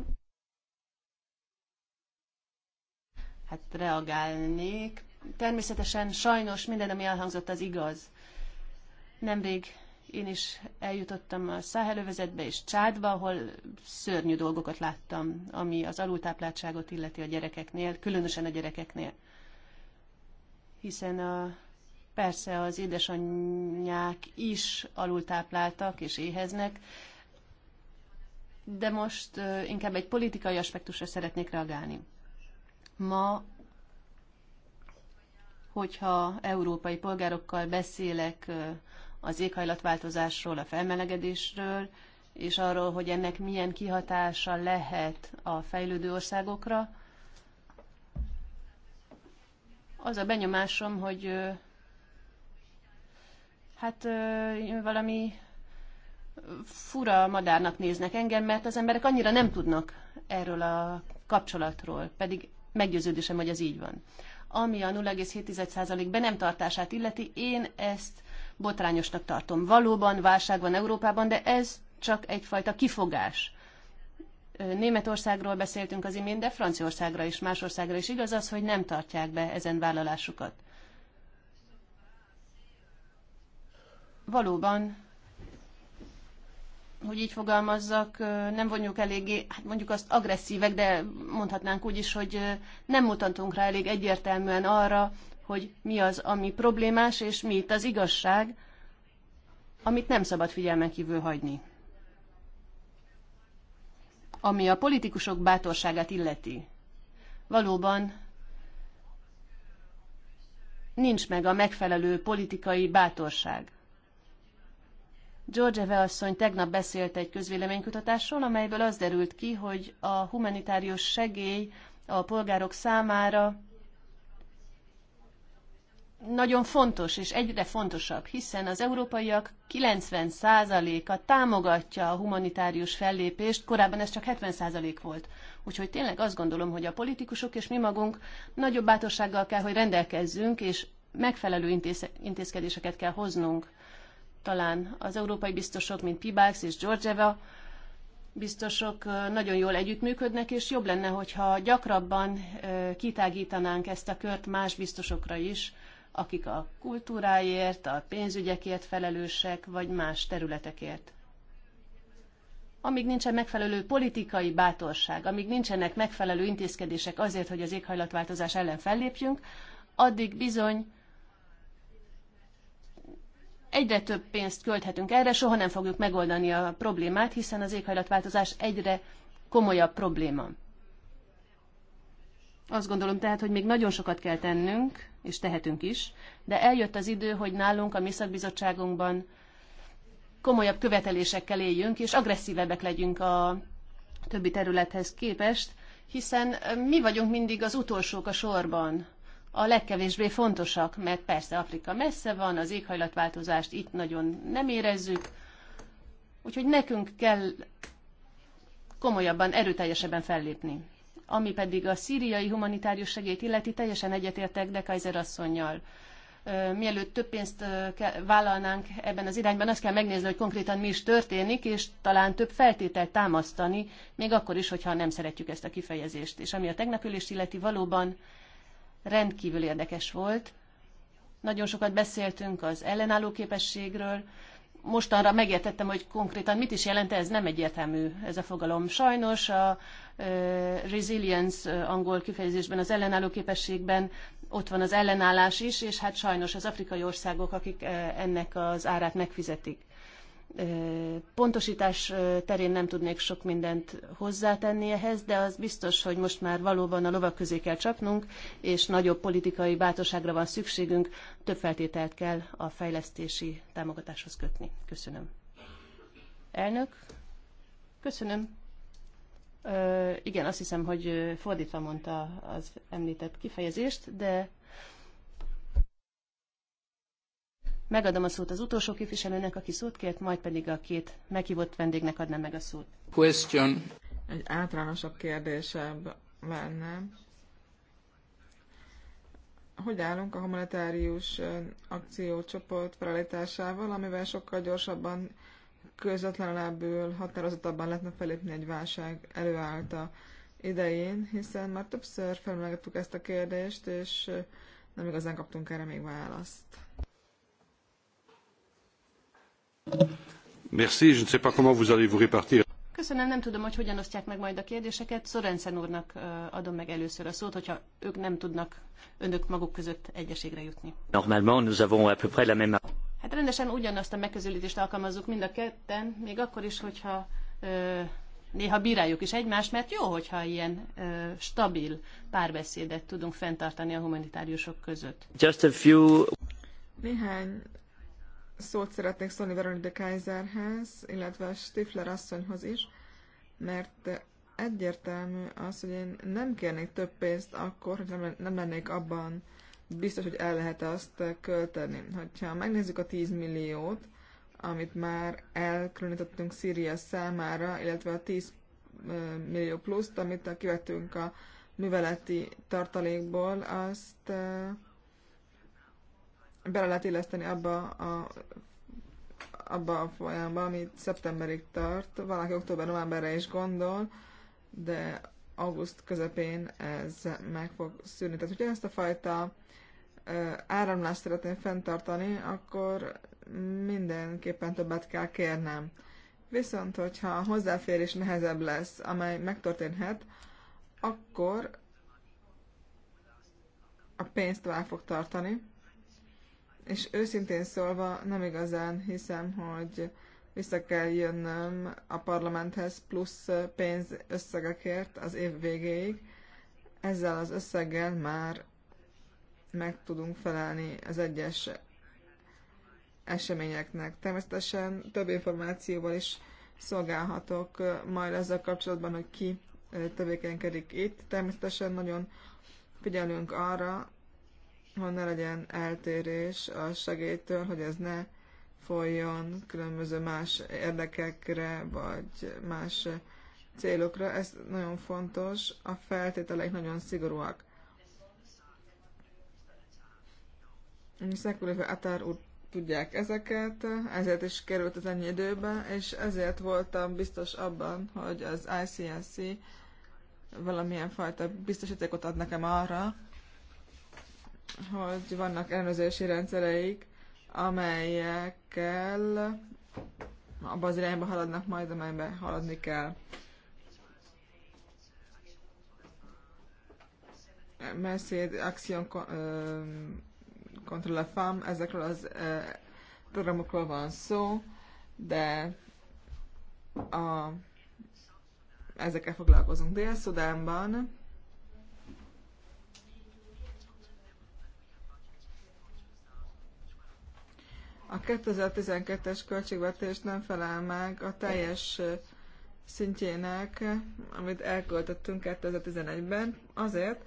Hát reagálnék. Természetesen sajnos minden, ami elhangzott, az igaz. Nemrég én is eljutottam a száhelővezetbe és Csádba, ahol szörnyű dolgokat láttam, ami az alultápláltságot illeti a gyerekeknél, különösen a gyerekeknél. Hiszen a Persze az édesanyják is alultápláltak és éheznek, de most inkább egy politikai aspektusra szeretnék reagálni. Ma, hogyha európai polgárokkal beszélek az éghajlatváltozásról, a felmelegedésről, és arról, hogy ennek milyen kihatása lehet a fejlődő országokra, az a benyomásom, hogy hát valami fura madárnak néznek engem, mert az emberek annyira nem tudnak erről a kapcsolatról, pedig meggyőződésem, hogy ez így van. Ami a 0,7% be nem tartását illeti, én ezt botrányosnak tartom. Valóban válság van Európában, de ez csak egyfajta kifogás. Németországról beszéltünk az imént, de Franciaországra és más országra is igaz az, hogy nem tartják be ezen vállalásukat. valóban, hogy így fogalmazzak, nem vonjuk eléggé, hát mondjuk azt agresszívek, de mondhatnánk úgy is, hogy nem mutatunk rá elég egyértelműen arra, hogy mi az, ami problémás, és mi itt az igazság, amit nem szabad figyelmen kívül hagyni. Ami a politikusok bátorságát illeti. Valóban nincs meg a megfelelő politikai bátorság. Georgeve asszony tegnap beszélt egy közvéleménykutatásról, amelyből az derült ki, hogy a humanitárius segély a polgárok számára nagyon fontos, és egyre fontosabb, hiszen az európaiak 90%-a támogatja a humanitárius fellépést, korábban ez csak 70% volt. Úgyhogy tényleg azt gondolom, hogy a politikusok és mi magunk nagyobb bátorsággal kell, hogy rendelkezzünk, és megfelelő intézkedéseket kell hoznunk talán az európai biztosok, mint Pibax és Georgieva biztosok nagyon jól együttműködnek, és jobb lenne, hogyha gyakrabban kitágítanánk ezt a kört más biztosokra is, akik a kultúráért, a pénzügyekért felelősek, vagy más területekért. Amíg nincsen megfelelő politikai bátorság, amíg nincsenek megfelelő intézkedések azért, hogy az éghajlatváltozás ellen fellépjünk, addig bizony egyre több pénzt költhetünk erre, soha nem fogjuk megoldani a problémát, hiszen az éghajlatváltozás egyre komolyabb probléma. Azt gondolom tehát, hogy még nagyon sokat kell tennünk, és tehetünk is, de eljött az idő, hogy nálunk a mi szakbizottságunkban komolyabb követelésekkel éljünk, és agresszívebbek legyünk a többi területhez képest, hiszen mi vagyunk mindig az utolsók a sorban a legkevésbé fontosak, mert persze Afrika messze van, az éghajlatváltozást itt nagyon nem érezzük, úgyhogy nekünk kell komolyabban, erőteljesebben fellépni. Ami pedig a szíriai humanitárius segélyt illeti, teljesen egyetértek de Kaiser asszonynal. Mielőtt több pénzt vállalnánk ebben az irányban, azt kell megnézni, hogy konkrétan mi is történik, és talán több feltételt támasztani, még akkor is, hogyha nem szeretjük ezt a kifejezést. És ami a tegnapülést illeti, valóban rendkívül érdekes volt. Nagyon sokat beszéltünk az ellenálló képességről. Mostanra megértettem, hogy konkrétan mit is jelent ez, nem egyértelmű ez a fogalom. Sajnos a resilience angol kifejezésben, az ellenálló képességben ott van az ellenállás is, és hát sajnos az afrikai országok, akik ennek az árát megfizetik. Pontosítás terén nem tudnék sok mindent hozzátenni ehhez, de az biztos, hogy most már valóban a lovak közé kell csapnunk, és nagyobb politikai bátorságra van szükségünk, több feltételt kell a fejlesztési támogatáshoz kötni. Köszönöm. Elnök, köszönöm. Ö, igen, azt hiszem, hogy fordítva mondta az említett kifejezést, de Megadom a szót az utolsó képviselőnek, aki szót kért, majd pedig a két meghívott vendégnek adnám meg a szót. Question. Egy általánosabb kérdésebb lenne. Hogy állunk a humanitárius akciócsoport felállításával, amivel sokkal gyorsabban, közvetlenebbül, határozottabban lehetne felépni egy válság előállta idején, hiszen már többször felmelegettük ezt a kérdést, és nem igazán kaptunk erre még választ. Köszönöm, nem tudom, hogy hogyan osztják meg majd a kérdéseket. Sorensen úrnak adom meg először a szót, hogyha ők nem tudnak önök maguk között egyeségre jutni. Normalement, nous avons à peu près la même... Hát rendesen ugyanazt a megközelítést alkalmazzuk mind a ketten, még akkor is, hogyha ö, néha bíráljuk is egymást, mert jó, hogyha ilyen ö, stabil párbeszédet tudunk fenntartani a humanitáriusok között. Just a few... Néhány szót szeretnék szólni Veronika Kaiserhez, illetve Stifler asszonyhoz is, mert egyértelmű az, hogy én nem kérnék több pénzt akkor, hogy nem, nem lennék abban biztos, hogy el lehet azt költeni. Ha megnézzük a 10 milliót, amit már elkülönítettünk Szíria számára, illetve a 10 millió pluszt, amit kivettünk a műveleti tartalékból, azt bele lehet illeszteni abba a, abba a folyamba, ami szeptemberig tart. Valaki október-novemberre is gondol, de auguszt közepén ez meg fog szűnni. Tehát, hogyha ezt a fajta áramlást szeretném fenntartani, akkor mindenképpen többet kell kérnem. Viszont, hogyha a hozzáférés nehezebb lesz, amely megtörténhet, akkor a pénzt tovább fog tartani, és őszintén szólva nem igazán hiszem, hogy vissza kell jönnöm a parlamenthez plusz pénz összegekért az év végéig. Ezzel az összeggel már meg tudunk felelni az egyes eseményeknek. Természetesen több információval is szolgálhatok majd ezzel kapcsolatban, hogy ki tevékenykedik itt. Természetesen nagyon figyelünk arra, hogy ne legyen eltérés a segélytől, hogy ez ne folyjon különböző más érdekekre, vagy más célokra. Ez nagyon fontos, a feltételek nagyon szigorúak. Szekuléve Atár úr tudják ezeket, ezért is került az ennyi időbe, és ezért voltam biztos abban, hogy az ICSC valamilyen fajta biztosítékot ad nekem arra, hogy vannak ellenőrzési rendszereik, amelyekkel abban az irányba haladnak majd, amelybe haladni kell. Mercedes Action Control la Femme, ezekről az programokról van szó, de a, ezekkel foglalkozunk Dél-Szudánban. A 2012-es költségvetés nem felel meg a teljes szintjének, amit elköltöttünk 2011-ben, azért,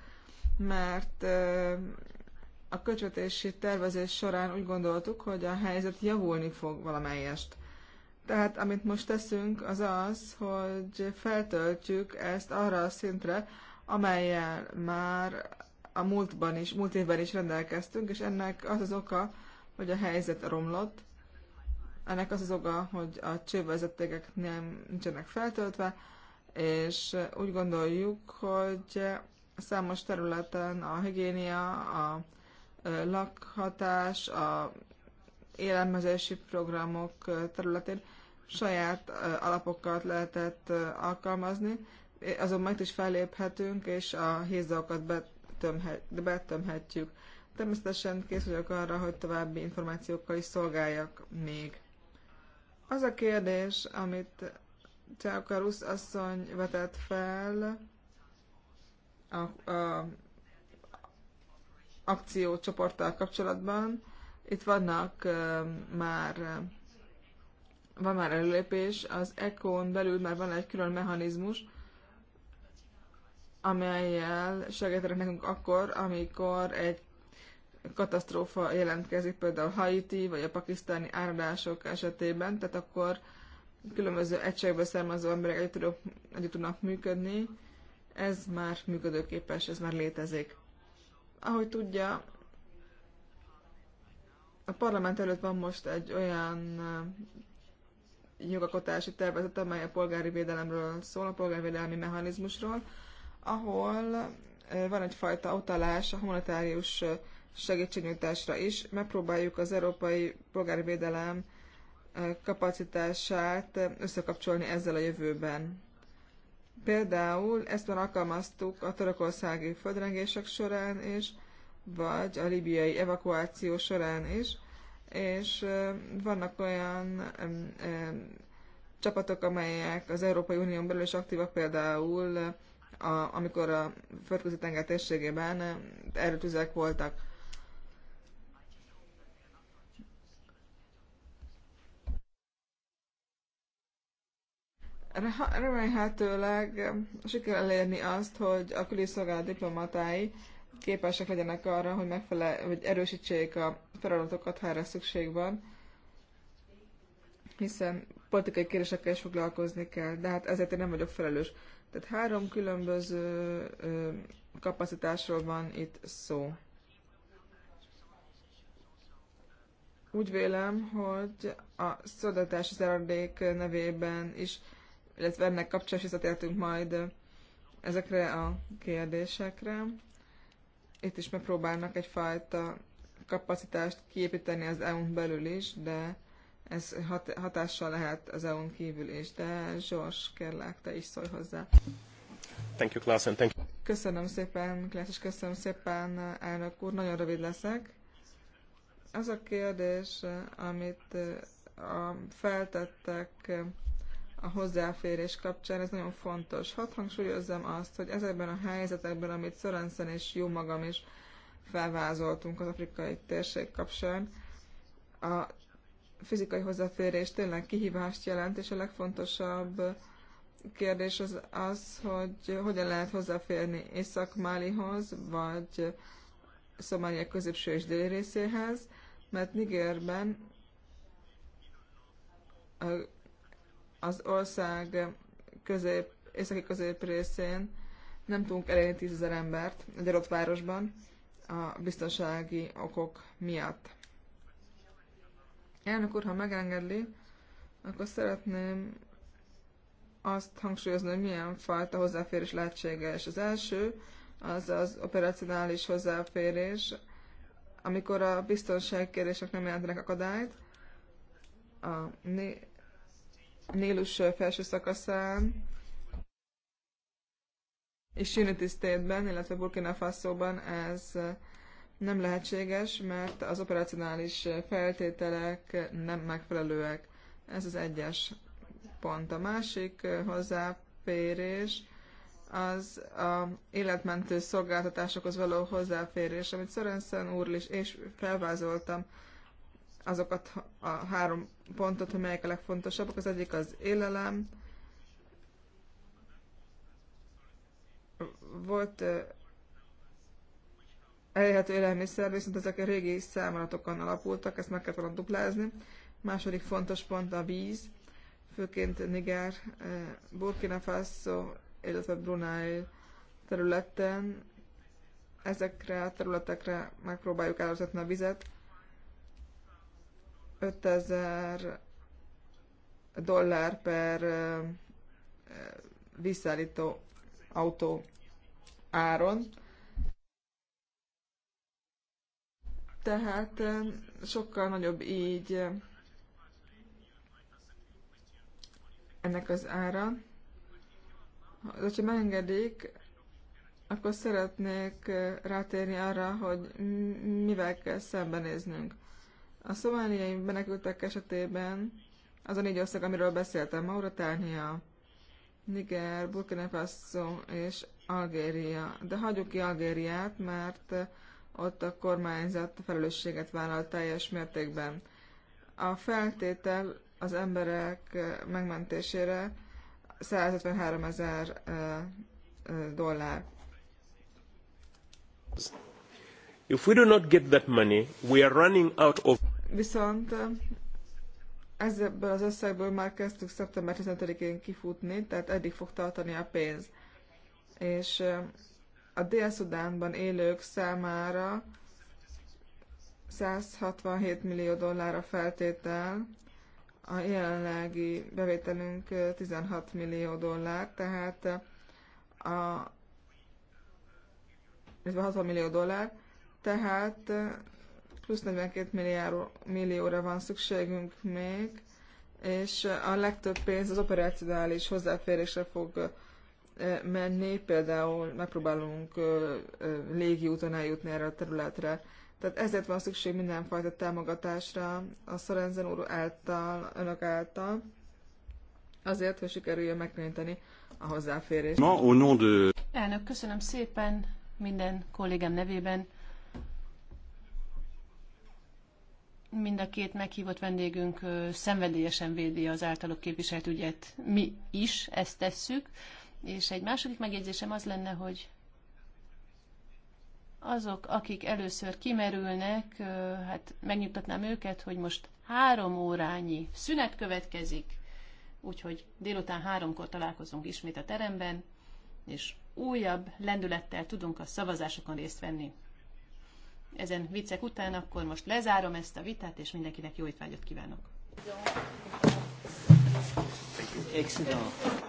mert a költségvetési tervezés során úgy gondoltuk, hogy a helyzet javulni fog valamelyest. Tehát amit most teszünk, az az, hogy feltöltjük ezt arra a szintre, amelyel már a múltban is, múlt évben is rendelkeztünk, és ennek az az oka, hogy a helyzet romlott. Ennek az az oga, hogy a csővezetékek nem nincsenek feltöltve, és úgy gondoljuk, hogy számos területen a higiénia, a lakhatás, a élelmezési programok területén saját alapokat lehetett alkalmazni, azon meg is felléphetünk, és a hézaokat betömhet, betömhetjük. Természetesen kész vagyok arra, hogy további információkkal is szolgáljak még. Az a kérdés, amit Csáukarusz asszony vetett fel a, a akciócsoporttal kapcsolatban, itt vannak már van már előlépés, az ECON belül már van egy külön mechanizmus, amelyel segítenek nekünk akkor, amikor egy katasztrófa jelentkezik, például Haiti vagy a pakisztáni áradások esetében, tehát akkor különböző egységből származó emberek együtt, tudok, együtt tudnak működni, ez már működőképes, ez már létezik. Ahogy tudja, a parlament előtt van most egy olyan jogakotási tervezet, amely a polgári védelemről szól, a polgári védelmi mechanizmusról, ahol van egyfajta utalás a humanitárius segítségnyújtásra is. Megpróbáljuk az európai polgári védelem kapacitását összekapcsolni ezzel a jövőben. Például ezt már alkalmaztuk a törökországi földrengések során is, vagy a libiai evakuáció során is, és vannak olyan csapatok, amelyek az Európai Unión belül is aktívak, például a, amikor a földközi tenger térségében erőtüzek voltak. remélhetőleg siker elérni azt, hogy a külszolgálat diplomatái képesek legyenek arra, hogy, megfele- hogy erősítsék a feladatokat, ha erre szükség van, hiszen politikai kérdésekkel is foglalkozni kell, de hát ezért én nem vagyok felelős. Tehát három különböző kapacitásról van itt szó. Úgy vélem, hogy a szolgáltatási záradék nevében is illetve ennek kapcsán is visszatértünk majd ezekre a kérdésekre. Itt is megpróbálnak egyfajta kapacitást kiépíteni az EU-n belül is, de ez hat- hatással lehet az EU-n kívül is. De Zsors, kérlek, te is szólj hozzá. Thank you, Klaas, and thank you. Köszönöm szépen, Klaas és köszönöm szépen, elnök úr. Nagyon rövid leszek. Az a kérdés, amit feltettek a hozzáférés kapcsán, ez nagyon fontos. Hadd hangsúlyozzam azt, hogy ezekben a helyzetekben, amit Szörenszen és jó magam is felvázoltunk az afrikai térség kapcsán, a fizikai hozzáférés tényleg kihívást jelent, és a legfontosabb kérdés az az, hogy hogyan lehet hozzáférni Észak-Málihoz, vagy Szomália középső és déli részéhez, mert Nigerben az ország közép, északi közép részén nem tudunk elérni tízezer embert egy adott városban a biztonsági okok miatt. Elnök úr, ha megengedli, akkor szeretném azt hangsúlyozni, hogy milyen fajta hozzáférés lehetséges. Az első az az operacionális hozzáférés, amikor a biztonság kérdések nem jelentenek akadályt. A né- Nélus felső szakaszán és Unity State-ben, illetve Burkina Faso-ban ez nem lehetséges, mert az operacionális feltételek nem megfelelőek. Ez az egyes pont. A másik hozzáférés az a életmentő szolgáltatásokhoz való hozzáférés, amit Sorensen úr is, és felvázoltam azokat a három pontot, hogy melyek a legfontosabbak. Az egyik az élelem. Volt elérhető élelmiszer, viszont ezek a régi számolatokon alapultak, ezt meg kell volna duplázni. Második fontos pont a víz, főként Niger, Burkina Faso, illetve Brunei területen. Ezekre a területekre megpróbáljuk áldozatni a vizet, 5000 dollár per visszaállító autó áron. Tehát sokkal nagyobb így ennek az ára. De ha megengedik, akkor szeretnék rátérni arra, hogy mivel kell szembenéznünk. A szomáliai menekültek esetében az a négy ország, amiről beszéltem, Mauritánia, Niger, Burkina Faso és Algéria. De hagyjuk ki Algériát, mert ott a kormányzat felelősséget vállal teljes mértékben. A feltétel az emberek megmentésére 153 ezer dollár. If we do not get that money, we are running out of Viszont eh, ezzel az összegből már kezdtük szeptember 15-én kifutni, tehát eddig fog tartani a pénz. És eh, a Dél-Szudánban élők számára 167 millió dollár a feltétel, a jelenlegi bevételünk 16 eh, millió dollár, tehát a 60 millió dollár, tehát plusz 42 milliárd, millióra van szükségünk még, és a legtöbb pénz az operacionális hozzáférésre fog menni, például megpróbálunk légiúton eljutni erre a területre. Tehát ezért van szükség mindenfajta támogatásra a Szorenzen úr által, önök által, azért, hogy sikerüljön megkönnyíteni a hozzáférést. Ma, Elnök, köszönöm szépen minden kollégám nevében. mind a két meghívott vendégünk szenvedélyesen védi az általuk képviselt ügyet. Mi is ezt tesszük. És egy második megjegyzésem az lenne, hogy azok, akik először kimerülnek, hát megnyugtatnám őket, hogy most három órányi szünet következik, úgyhogy délután háromkor találkozunk ismét a teremben, és újabb lendülettel tudunk a szavazásokon részt venni ezen viccek után, akkor most lezárom ezt a vitát, és mindenkinek jó étvágyat kívánok. Excellent.